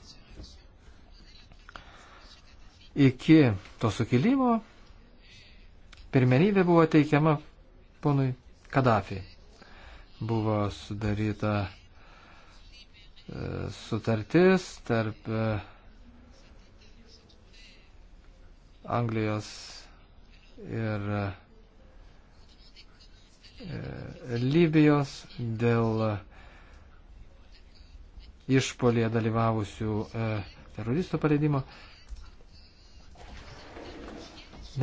Iki to sukilimo pirmenybė buvo teikiama ponui Kadafi. Buvo sudaryta E, sutartis tarp e, Anglijos ir e, Libijos dėl išpolėje dalyvavusių teroristų paleidimo.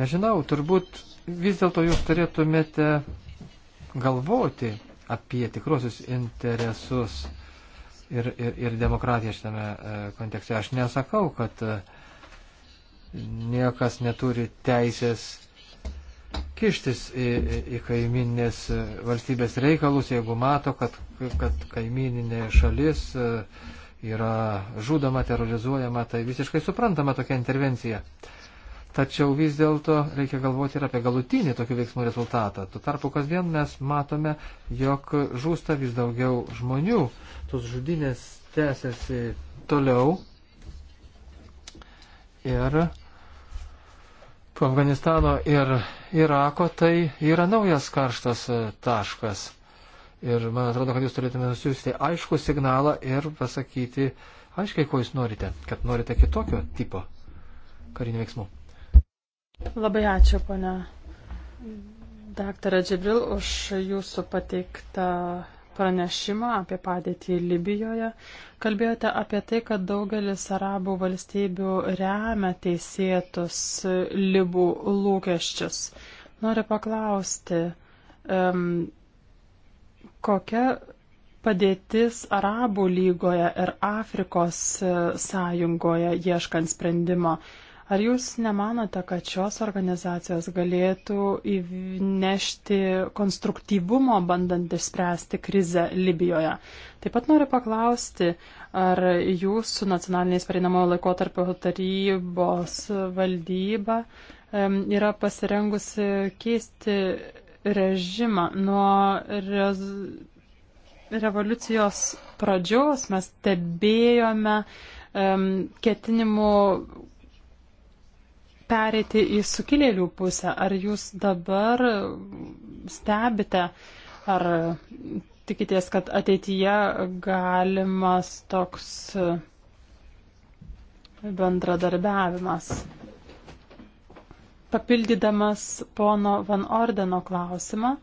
Nežinau, turbūt vis dėlto jūs turėtumėte galvoti apie tikruosius interesus ir, ir, ir demokratiją šitame e, kontekste. Aš nesakau, kad e, niekas neturi teisės kištis į, į kaiminės e, valstybės reikalus, jeigu mato, kad, kad kaimininė šalis yra žudoma, terrorizuojama, tai visiškai suprantama tokia intervencija. Uh, tačiau vis dėlto reikia galvoti ir apie galutinį tokių veiksmų rezultatą. Tuo tarpu kasdien mes matome, jog žūsta vis daugiau žmonių, tos žudinės tęsiasi toliau ir po Afganistano ir Irako tai yra naujas karštas e, taškas. Ir man atrodo, kad jūs turėtume nusiųsti aišku signalą ir pasakyti aiškiai, ko jūs norite, kad norite kitokio tipo karinių veiksmų. Labai ačiū, ponia daktarė Džibril, už jūsų pateiktą pranešimą apie padėtį Libijoje. Kalbėjote apie tai, kad daugelis arabų valstybių remia teisėtus libų lūkesčius. Noriu paklausti, um, kokia padėtis Arabų lygoje ir Afrikos e, sąjungoje ieškant sprendimo. Ar jūs nemanote, kad šios organizacijos galėtų įnešti konstruktyvumo, bandant išspręsti krizę Libijoje? Taip pat noriu paklausti, ar jūs su nacionaliniais pareinamojo laikotarpio tarybos valdyba yra pasirengusi keisti režimą nuo rez... revoliucijos pradžios mes stebėjome um, ketinimų perėti į sukilėlių pusę. Ar jūs dabar stebite, ar tikitės, kad ateityje galimas toks bendradarbiavimas? Papildydamas pono Van Ordeno klausimą,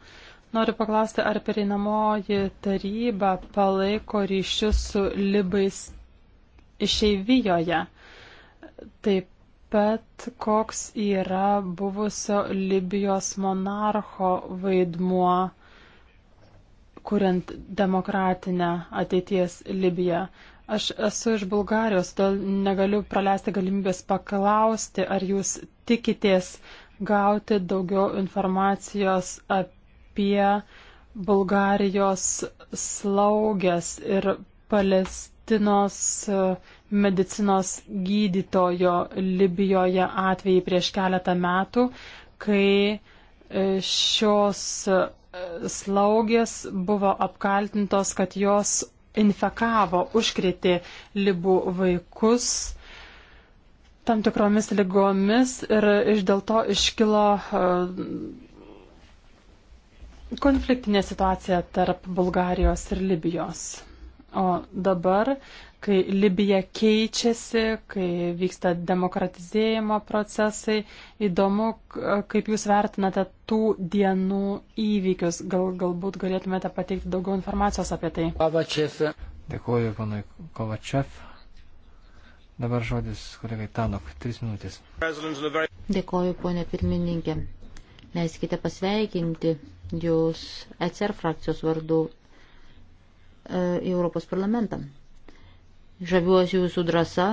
Noriu paklausti, ar pereinamoji taryba palaiko ryšius su libais išeivijoje. Taip pat koks yra buvusio Libijos monarcho vaidmuo kuriant demokratinę ateities Libiją. Aš esu iš Bulgarijos, todėl negaliu praleisti galimybės paklausti, ar jūs tikitės gauti daugiau informacijos apie Bulgarijos slaugės ir Palestinos medicinos gydytojo Libijoje atvejį prieš keletą metų, kai e, šios e, slaugės buvo apkaltintos, kad jos infekavo, užkrėtė libų vaikus tam tikromis lygomis ir iš dėl to iškilo e, konfliktinė situacija tarp Bulgarijos ir Libijos. O dabar kai Libija keičiasi, kai vyksta demokratizėjimo procesai. Įdomu, kaip Jūs vertinate tų dienų įvykius. Gal, galbūt galėtumėte pateikti daugiau informacijos apie tai. Kovačev. Dėkuoju, panui Kovačev. Dabar žodis kolegai Tanok. Tris minutės. Dėkuoju, ponė pirmininkė. Leiskite pasveikinti Jūs ECR frakcijos vardu e, į Europos parlamentą žaviuosi jūsų drąsa,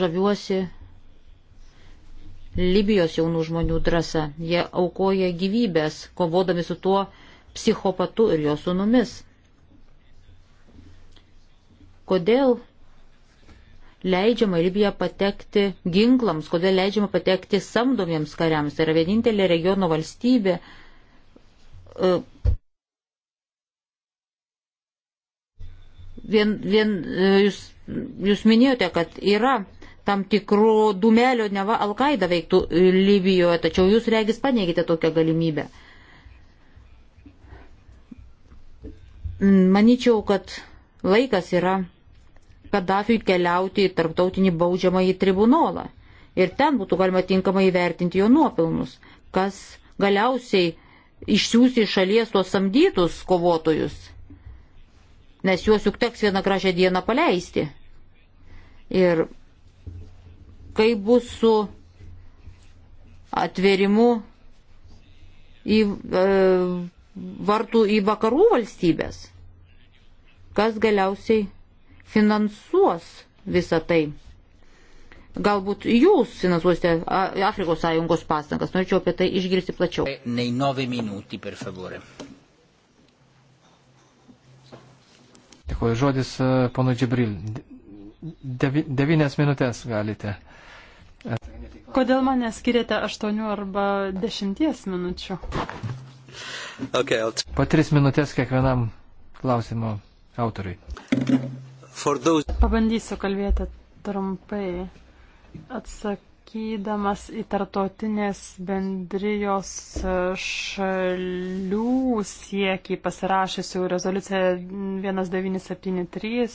žaviuosi Libijos jaunų žmonių drąsa. Jie aukoja gyvybės, kovodami su tuo psichopatu ir jo sunumis. Kodėl leidžiama Libiją patekti ginklams, kodėl leidžiama patekti samdomiems kariams? Tai yra vienintelė regiono valstybė, e, vien, vien, e, jūs, jūs minėjote, kad yra tam tikrų dumelio, neva Alkaida veiktų e, Libijoje, tačiau jūs regis paneigite tokią galimybę. Maničiau, kad laikas yra Kadafiui keliauti į tarptautinį baudžiamą į tribunolą. Ir ten būtų galima tinkamai įvertinti jo nuopilnus, kas galiausiai išsiųsi iš šalies tuos samdytus kovotojus nes juos juk teks vieną gražią dieną paleisti. Ir kaip bus su atverimu į e, vartų į vakarų valstybės, kas galiausiai finansuos visą tai. Galbūt jūs finansuosite Afrikos sąjungos pastangas. Norėčiau apie tai išgirsti plačiau. Nei 9 minuti, per favore. Dėkuoju žodis e, ponui Džibril. Devi, devynės minutės galite. Kodėl man neskiriate aštuonių arba dešimties minučių? Okay, po tris minutės kiekvienam klausimo autoriui. Those... Pabandysiu kalbėti trumpai. Atsak atsakydamas į tartotinės bendrijos e, šalių siekį pasirašysiu rezoliuciją 1973,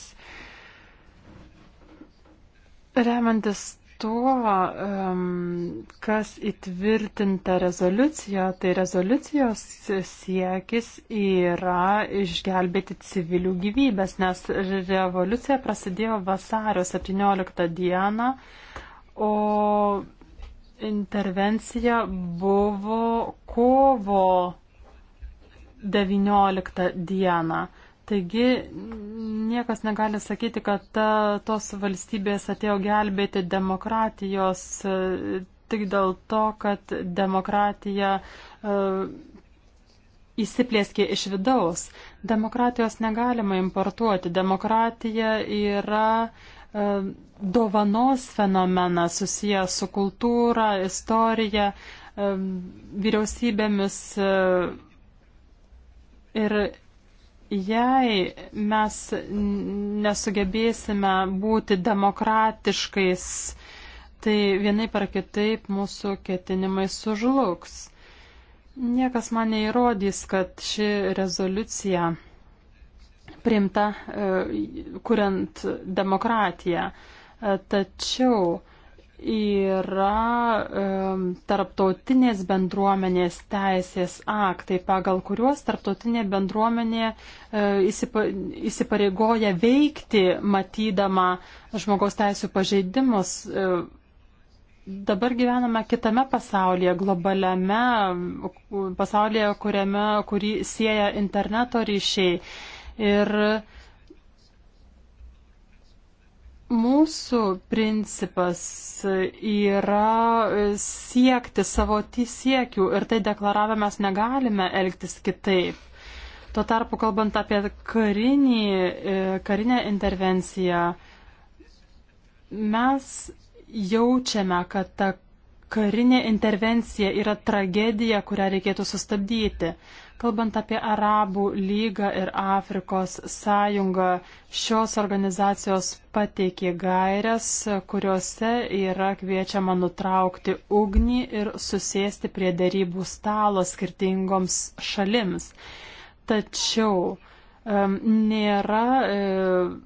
remiantis tuo, kas įtvirtinta rezoliucija, tai rezoliucijos siekis yra išgelbėti civilių gyvybės, nes revoliucija prasidėjo vasario 17 dieną o intervencija buvo kovo 19 dieną. Taigi niekas negali sakyti, kad ta, tos valstybės atėjo gelbėti demokratijos e, tik dėl to, kad demokratija uh, e, įsiplėskė iš vidaus. Demokratijos negalima importuoti. Demokratija yra uh, E, dovanos fenomeną susiję su kultūra, istorija, e, vyriausybėmis. E, ir jei mes nesugebėsime būti demokratiškais, tai vienai par kitaip mūsų ketinimai sužlugs. Niekas man neįrodys, kad ši rezoliucija primta e, kuriant demokratiją. E, tačiau yra e, tarptautinės bendruomenės teisės aktai, pagal kuriuos tarptautinė bendruomenė įsipareigoja veikti, matydama žmogaus teisų pažeidimus. Dabar gyvename kitame pasaulyje, globaliame pasaulyje, kuriame, kurį sieja interneto ryšiai. Ir mūsų principas yra siekti savo siekių ir tai deklaravę mes negalime elgtis kitaip. Tuo tarpu, kalbant apie karinį, e, karinę intervenciją, mes jaučiame, kad ta karinė intervencija yra tragedija, kurią reikėtų sustabdyti. Kalbant apie Arabų lygą ir Afrikos sąjungą, šios organizacijos pateikė gairias, kuriuose yra kviečiama nutraukti ugnį ir susėsti prie darybų stalo skirtingoms šalims. Tačiau um, nėra. Um,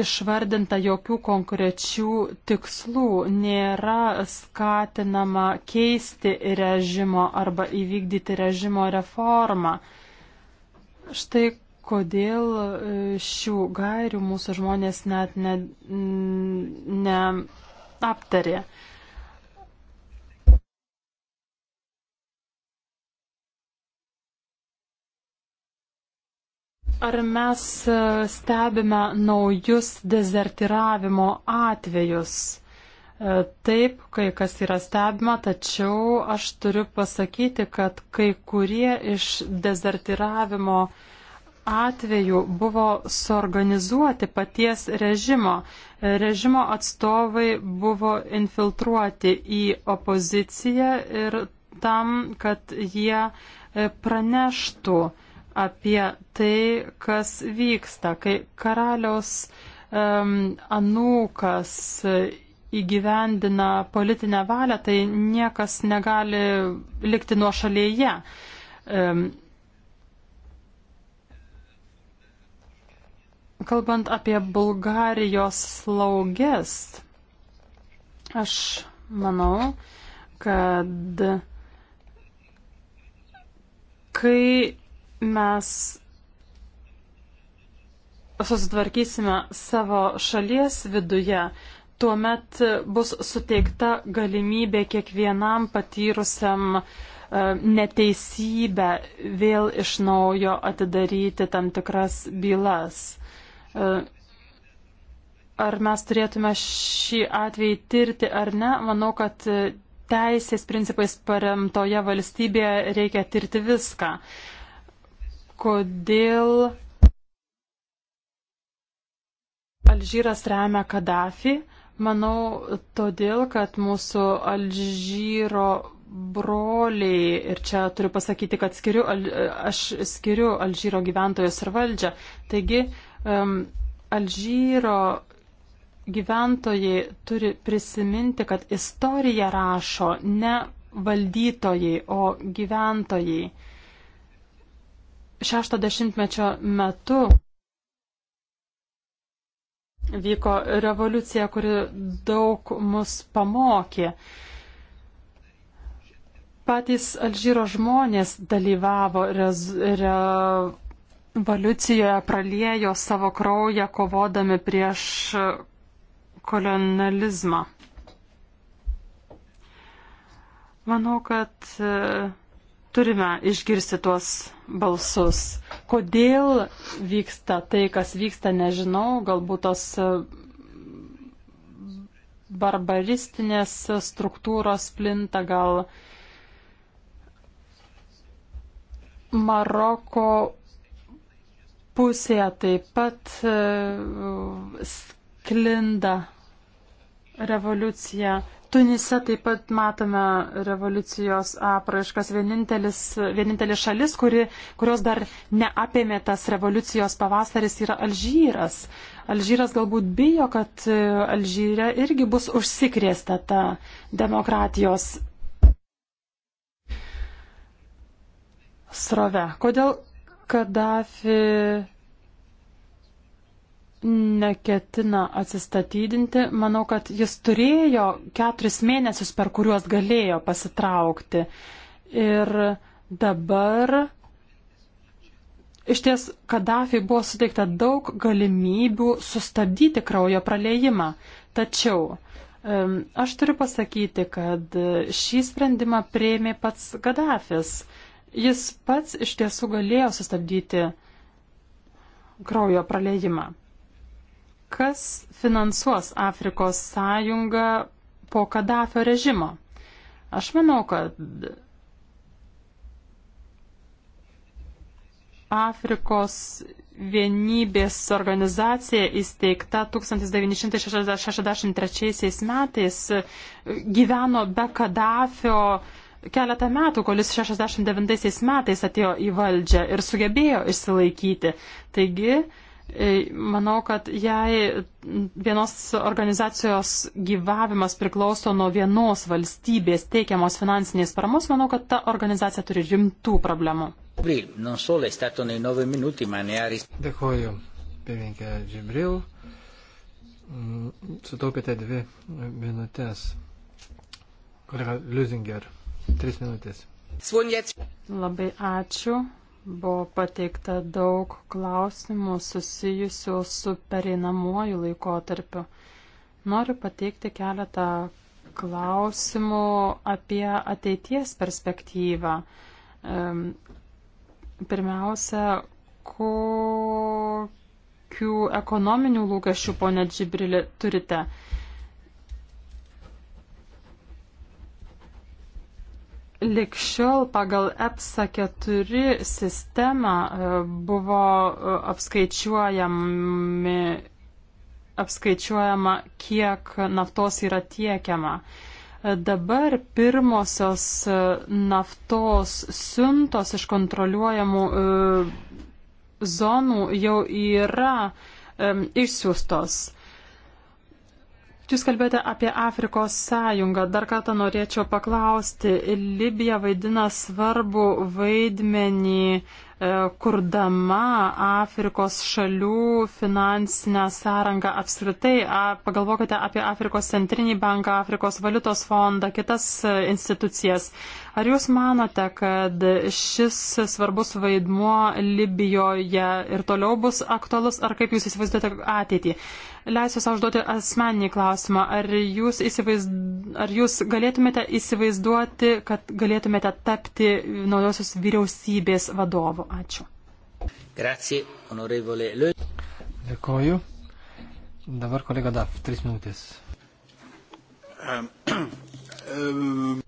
išvardinta jokių konkrečių tikslų, nėra skatinama keisti režimo arba įvykdyti režimo reformą. Štai kodėl e, šių gairių mūsų žmonės net neaptarė. Ne, ne Ar mes e, stebime naujus dezertiravimo atvejus? E, taip, kai kas yra stebima, tačiau aš turiu pasakyti, kad kai kurie iš dezertiravimo atvejų buvo suorganizuoti paties režimo. E, režimo atstovai buvo infiltruoti į opoziciją ir tam, kad jie praneštų uh, apie tai, kas vyksta, kai karaliaus um, anūkas įgyvendina politinę valią, tai niekas negali likti nuo šalyje. Um, kalbant apie Bulgarijos slaugės, aš manau, kad kai mes susitvarkysime savo šalies viduje, tuomet bus suteikta galimybė kiekvienam patyrusiam e, neteisybę vėl iš naujo atidaryti tam tikras bylas. E, ar mes turėtume šį atvejį tirti ar ne, manau, kad teisės principais paremtoje valstybėje reikia tirti viską kodėl Alžyras remia Kadafį. Manau, todėl, kad mūsų Alžyro broliai, ir čia turiu pasakyti, kad skiriu, aš skiriu Alžyro gyventojus ir valdžią. Taigi, um, Alžyro gyventojai turi prisiminti, kad istoriją rašo ne valdytojai, o gyventojai šešto dešimtmečio metu vyko revoliucija, kuri daug mus pamokė. Patys Alžyro žmonės dalyvavo revoliucijoje, praliejo savo kraują kovodami prieš kolonializmą. Manau, kad turime išgirsti tuos balsus. Kodėl vyksta tai, kas vyksta, nežinau, galbūt tos e, barbaristinės struktūros plinta, gal Maroko pusėje taip pat e, sklinda revoliucija. Tunise taip pat matome revoliucijos apraiškas. Vienintelis, vienintelis šalis, kuri, kurios dar neapėmė tas revoliucijos pavasaris, yra Alžyras. Alžyras galbūt bijo, kad e, Alžyre irgi bus užsikrėsta ta demokratijos srove. Kodėl Kadafi neketina atsistatydinti. Manau, kad jis turėjo keturis mėnesius, per kuriuos galėjo pasitraukti. Ir dabar iš ties Kadafi buvo suteikta daug galimybių sustabdyti kraujo praleimą. Tačiau aš turiu pasakyti, kad šį sprendimą prieimė pats Kadafis. Jis pats iš tiesų galėjo sustabdyti kraujo praleimą kas finansuos Afrikos sąjungą po Kadafio režimo. Aš manau, kad Afrikos vienybės organizacija įsteigta 1963 metais gyveno be Kadafio keletą metų, kol jis 69 metais atėjo į valdžią ir sugebėjo išsilaikyti. Taigi, Manau, kad jei vienos organizacijos gyvavimas priklauso nuo vienos valstybės teikiamos finansinės paramos, manau, kad ta organizacija turi rimtų problemų. Dėkoju, pirmininkė Džibril. Mm, sutaupėte dvi minutės. Kolega Liuzinger, tris minutės. Labai ačiū. Buvo pateikta daug klausimų susijusių su pereinamuoju laikotarpiu. Noriu pateikti keletą klausimų apie ateities perspektyvą. Pirmiausia, kokių ekonominių lūkesčių, ponė Džibrilė, turite? Likščiol pagal EPSA 4 sistemą e, buvo e, apskaičiuojami, apskaičiuojama, kiek naftos yra tiekiama. E, dabar pirmosios naftos siuntos iš kontroliuojamų zonų jau yra išsiųstos. Jūs kalbėjote apie Afrikos sąjungą. Dar kartą norėčiau paklausti, Libija vaidina svarbu vaidmenį, e, kurdama Afrikos šalių finansinę sąrangą apskritai. Pagalvokite apie Afrikos centrinį banką, Afrikos valiutos fondą, kitas e, institucijas. Ar jūs manote, kad šis svarbus vaidmuo Libijoje ir toliau bus aktualus, ar kaip jūs įsivaizduojate ateitį? leisiu savo užduoti asmeninį klausimą. Ar jūs, įsivaizd... ar jūs galėtumėte įsivaizduoti, kad galėtumėte tapti naujosios vyriausybės vadovu? Ačiū. Grazie, onorevole Le. Dėkoju. Dabar kolega Daf, trys minutės. Ehm, ehm.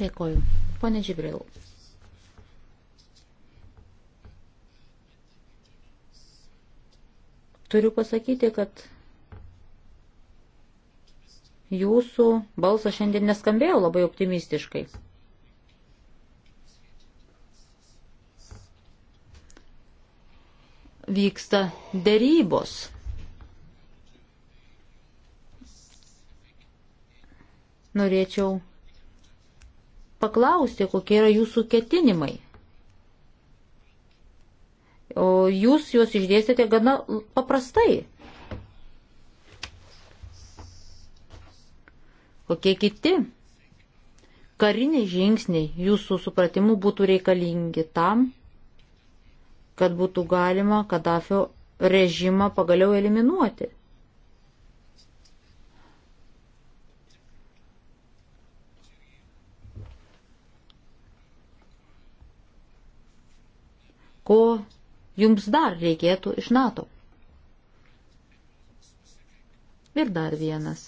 Dėkoju. Pone Žibril, Turiu pasakyti, kad jūsų balsas šiandien neskambėjo labai optimistiškai. Vyksta dėrybos. Norėčiau paklausti, kokie yra jūsų ketinimai o jūs juos išdėstėte gana paprastai. Kokie kiti kariniai žingsniai jūsų supratimu būtų reikalingi tam, kad būtų galima Kadafio režimą pagaliau eliminuoti? ko jums dar reikėtų iš NATO? Ir dar vienas.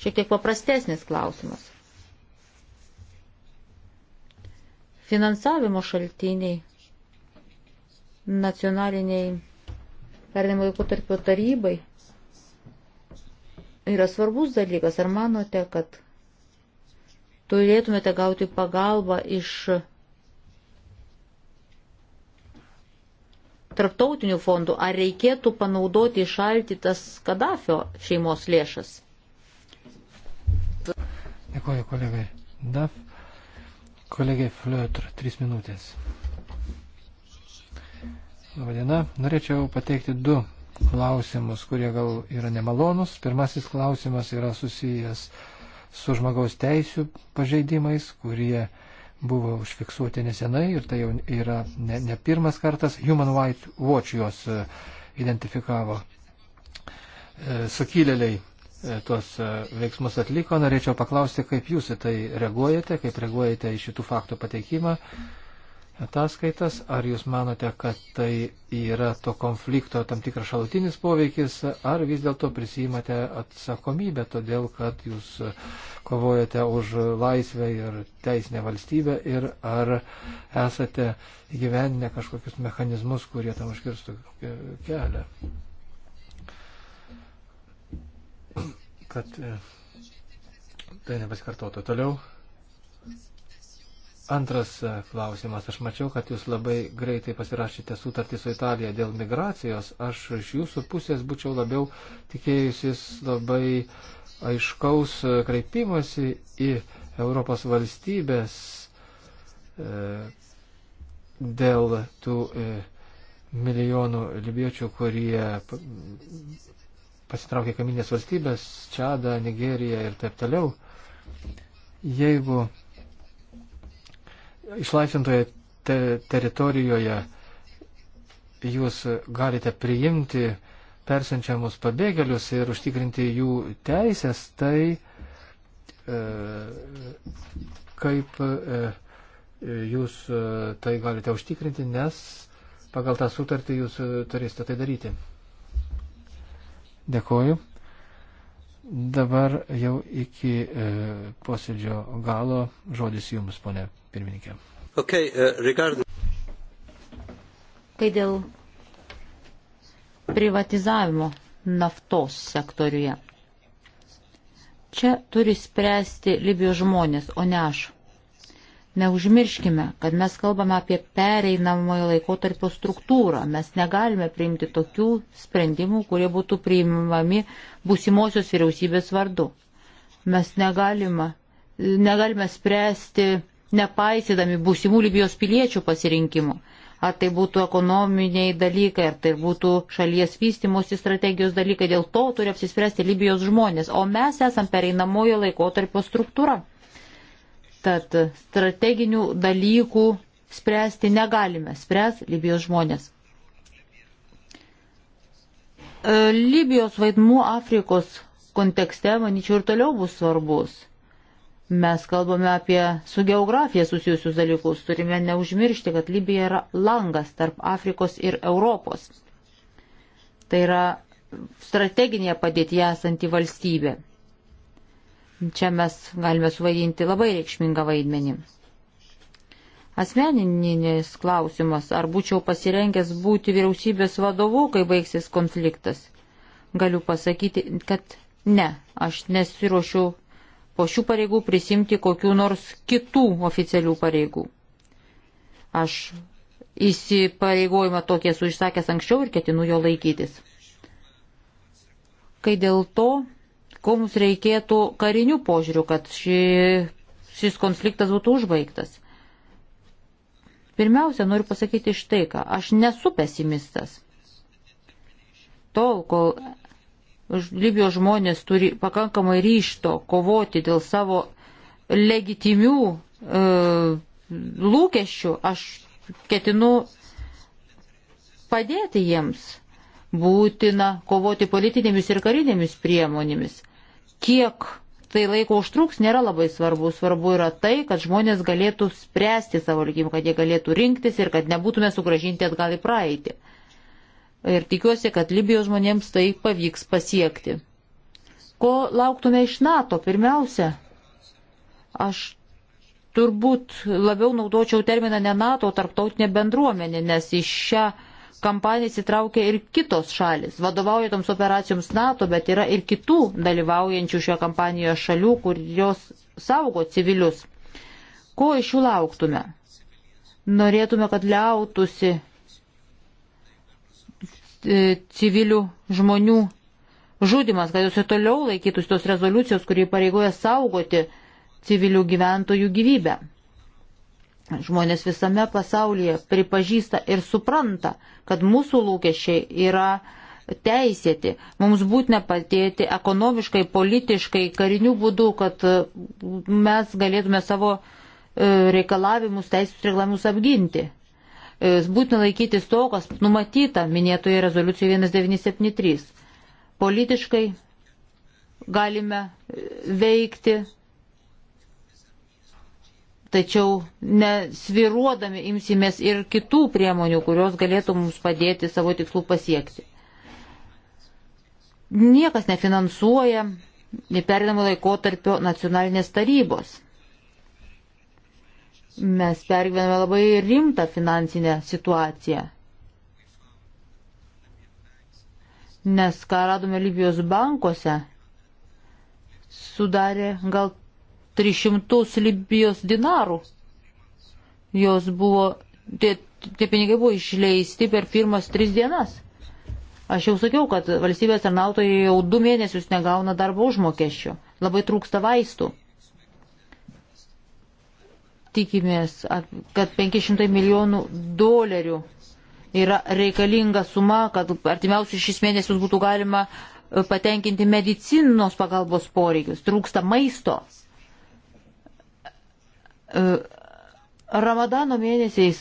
Šiek tiek paprastesnis klausimas. Finansavimo šaltiniai nacionaliniai pernimo laikotarpio tarybai yra svarbus dalykas. Ar manote, kad turėtumėte gauti pagalbą iš tarptautinių fondų, ar reikėtų panaudoti išaldytas Kadafio šeimos lėšas? Dėkuoju kolegai Daf. Kolegai Fliotr, trys minutės. Labadiena. Norėčiau pateikti du klausimus, kurie gal yra nemalonus. Pirmasis klausimas yra susijęs su žmogaus teisų pažeidimais, kurie uh, buvo užfiksuoti nesenai ir tai jau yra ne, ne pirmas kartas. Human Rights Watch juos e, identifikavo. E, sukilėliai e, tuos veiksmus atliko. Norėčiau paklausti, kaip jūs į tai reaguojate, kaip reaguojate į šitų faktų pateikimą. Mm ataskaitas. Ar jūs manote, kad tai yra to konflikto tam tikras šalutinis poveikis, ar vis dėlto prisijimate atsakomybę, todėl kad jūs kovojate už laisvę ir teisinę valstybę ir ar esate gyveninę kažkokius mechanizmus, kurie tam užkirstų kelią. Kad e, tai nepasikartotų toliau. Antras e, klausimas. Aš mačiau, kad jūs labai greitai pasirašėte sutartį su Italija dėl migracijos. Aš iš jūsų pusės būčiau labiau tikėjusis labai aiškaus e, kreipimosi į Europos valstybės e, dėl tų milijonų libiečių, kurie pasitraukė kaminės valstybės, Čadą, Nigeriją ir taip toliau. Jeigu išlaisvintoje te teritorijoje jūs galite priimti persiunčiamus pabėgėlius ir užtikrinti jų teisės, tai e, kaip e, jūs e, tai galite užtikrinti, nes pagal tą sutartį jūs turėsite tai daryti. Dėkuoju. Dabar jau iki e, posėdžio galo žodis jums, ponė pirmininkė. Okay, uh, regarding... Kai dėl privatizavimo naftos sektoriuje. Čia turi spręsti Libijos žmonės, o ne aš. Neužmirškime, kad mes kalbame apie pereinamojo laikotarpio struktūrą. Mes negalime priimti tokių sprendimų, kurie būtų priimami būsimosios vyriausybės vardu. Mes negalime, negalime spręsti nepaisydami būsimų Libijos piliečių pasirinkimų. Ar tai būtų ekonominiai dalykai, ar tai būtų šalies vystimosi strategijos dalykai, dėl to turi apsispręsti Libijos žmonės. O mes esam pereinamojo laikotarpio struktūra. Tad strateginių dalykų spręsti negalime, spręs Libijos žmonės. E, Libijos vaidmuo Afrikos kontekste, manyčiau, ir toliau bus svarbus. Mes kalbame apie su geografija susijusius dalykus, turime neužmiršti, kad Libija yra langas tarp Afrikos ir Europos. Tai yra strateginė padėtyje esanti valstybė. Čia mes galime suvaidinti labai reikšmingą vaidmenį. Asmeninis klausimas, ar būčiau pasirengęs būti vyriausybės vadovu, kai baigsis konfliktas. Galiu pasakyti, kad ne, aš nesiuošiu po šių pareigų prisimti kokių nors kitų oficialių pareigų. Aš įsipareigojimą tokie esu išsakęs anksčiau ir ketinu jo laikytis. Kai dėl to, ko mums reikėtų karinių požiūrių, kad ši, šis konfliktas būtų užbaigtas. Pirmiausia, noriu pasakyti štai ką. Aš nesu pesimistas. Tol, kol Libijos žmonės turi pakankamai ryšto kovoti dėl savo legitimių e, lūkesčių, aš ketinu padėti jiems. Būtina kovoti politinėmis ir karinėmis priemonėmis kiek tai laiko užtruks, nėra labai svarbu. Svarbu yra tai, kad žmonės galėtų spręsti savo likimą, kad jie galėtų rinktis ir kad nebūtume sugražinti atgal į praeitį. Ir tikiuosi, kad Libijos žmonėms tai pavyks pasiekti. Ko lauktume iš NATO pirmiausia? Aš turbūt labiau naudočiau terminą ne NATO, o tarptautinė bendruomenė, nes iš šią kampaniją įsitraukia ir kitos šalis. Vadovauja toms operacijoms NATO, bet yra ir kitų dalyvaujančių šioje kampanijoje šalių, kurios saugo civilius. Ko iš jų lauktume? Norėtume, kad liautusi e, civilių žmonių žudimas, kad jūs ir toliau laikytųsi tos rezoliucijos, kurie pareigoja saugoti civilių gyventojų gyvybę. Žmonės visame pasaulyje pripažįsta ir supranta, kad mūsų lūkesčiai yra teisėti. Mums būtina padėti ekonomiškai, politiškai, karinių būdų, kad mes galėtume savo e, reikalavimus, teisės reikalavimus apginti. E, būtina laikytis to, kas numatyta minėtoje rezoliucijoje 1973. Politiškai galime veikti tačiau nesviruodami imsimės ir kitų priemonių, kurios galėtų mums padėti savo tikslų pasiekti. Niekas nefinansuoja perinamo laikotarpio nacionalinės tarybos. Mes pergyvename labai rimtą finansinę situaciją. Nes ką radome Libijos bankuose, sudarė gal 300 Libijos dinarų. Jos buvo, tie, tie pinigai buvo išleisti per pirmas tris dienas. Aš jau sakiau, kad valstybės tarnautojai jau du mėnesius negauna darbo užmokesčio. Labai trūksta vaistų. Tikimės, kad 500 milijonų dolerių yra reikalinga suma, kad artimiausius šis mėnesius būtų galima patenkinti medicinos pagalbos poreikius. Trūksta maisto. E, Ramadano mėnesiais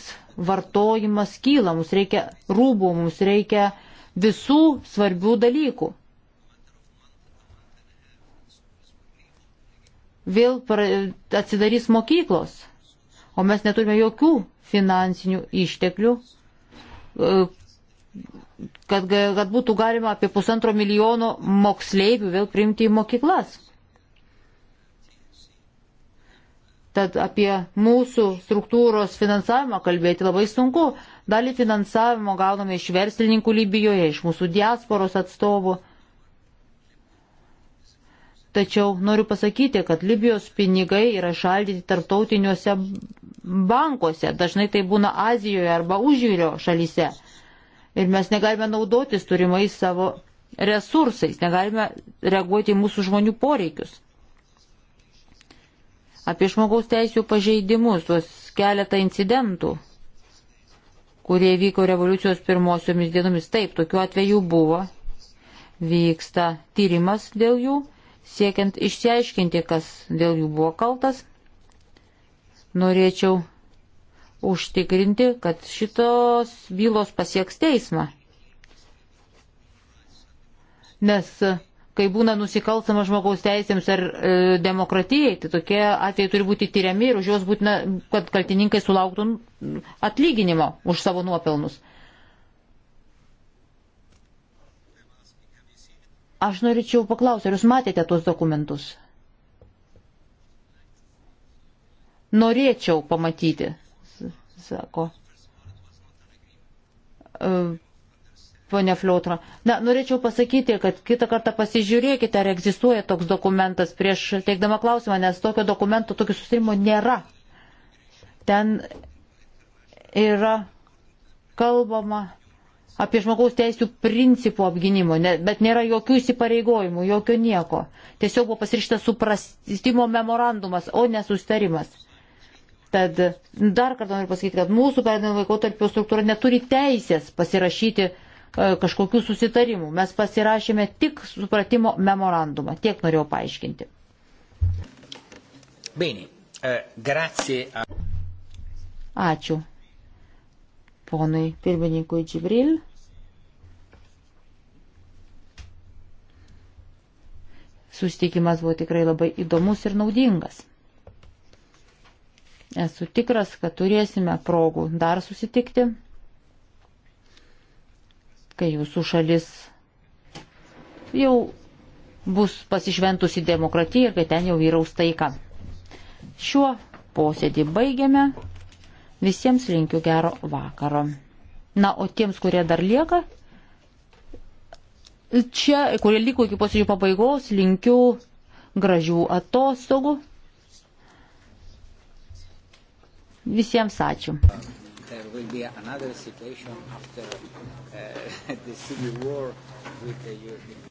vartojimas kyla, mums reikia rūbų, mums reikia visų svarbių dalykų. Vėl atsidarys mokyklos, o mes neturime jokių finansinių išteklių, e, kad, kad būtų galima apie pusantro milijono moksleivių vėl priimti į mokyklas. Tad apie mūsų struktūros finansavimą kalbėti labai sunku. Dalį finansavimo gauname iš verslininkų Libijoje, iš mūsų diasporos atstovų. Tačiau noriu pasakyti, kad Libijos pinigai yra šaldyti tarptautiniuose bankuose, dažnai tai būna Azijoje arba užjūrio šalyse. Ir mes negalime naudotis turimais savo resursais, negalime reaguoti į mūsų žmonių poreikius apie žmogaus teisų pažeidimus, tuos keletą incidentų, kurie vyko revoliucijos pirmosiomis dienomis. Taip, tokiu atveju buvo. Vyksta tyrimas dėl jų, siekiant išsiaiškinti, kas dėl jų buvo kaltas. Norėčiau užtikrinti, kad šitos bylos pasieks teismą. Nes kai būna nusikalstama žmogaus teisėms ar e, demokratijai, tai tokie atvejai turi būti tyriami ir už juos būtina, kad kaltininkai sulauktų atlyginimo už savo nuopelnus. Aš norėčiau paklausti, ar jūs matėte tuos dokumentus? Norėčiau pamatyti, sako. E, ponia Fliotra. Na, norėčiau pasakyti, kad kitą kartą pasižiūrėkite, ar egzistuoja toks dokumentas prieš teikdama klausimą, nes tokio dokumento, tokio susirimo nėra. Ten yra kalbama apie žmogaus teisų principų apginimo, ne, bet nėra jokių įsipareigojimų, jokio nieko. Tiesiog buvo pasirištas suprastimo memorandumas, o nesustarimas. Tad dar kartą noriu pasakyti, kad mūsų perdavimo laikotarpio struktūra neturi teisės pasirašyti E, kažkokių susitarimų. Mes pasirašėme tik supratimo memorandumą. Tiek norėjau paaiškinti. Bene. E, grazie. Ačiū. Ponui pirmininkui Džibril. Sustikimas buvo tikrai labai įdomus ir naudingas. Esu tikras, kad turėsime progų dar susitikti kai jūsų šalis jau bus pasišventusi demokratija ir kai ten jau vyraus taika. Šiuo posėdį baigiame. Visiems linkiu gero vakaro. Na, o tiems, kurie dar lieka, čia, kurie liko iki posėdžių pabaigos, linkiu gražių atostogų. Visiems ačiū there will be another situation after uh, the civil war with the European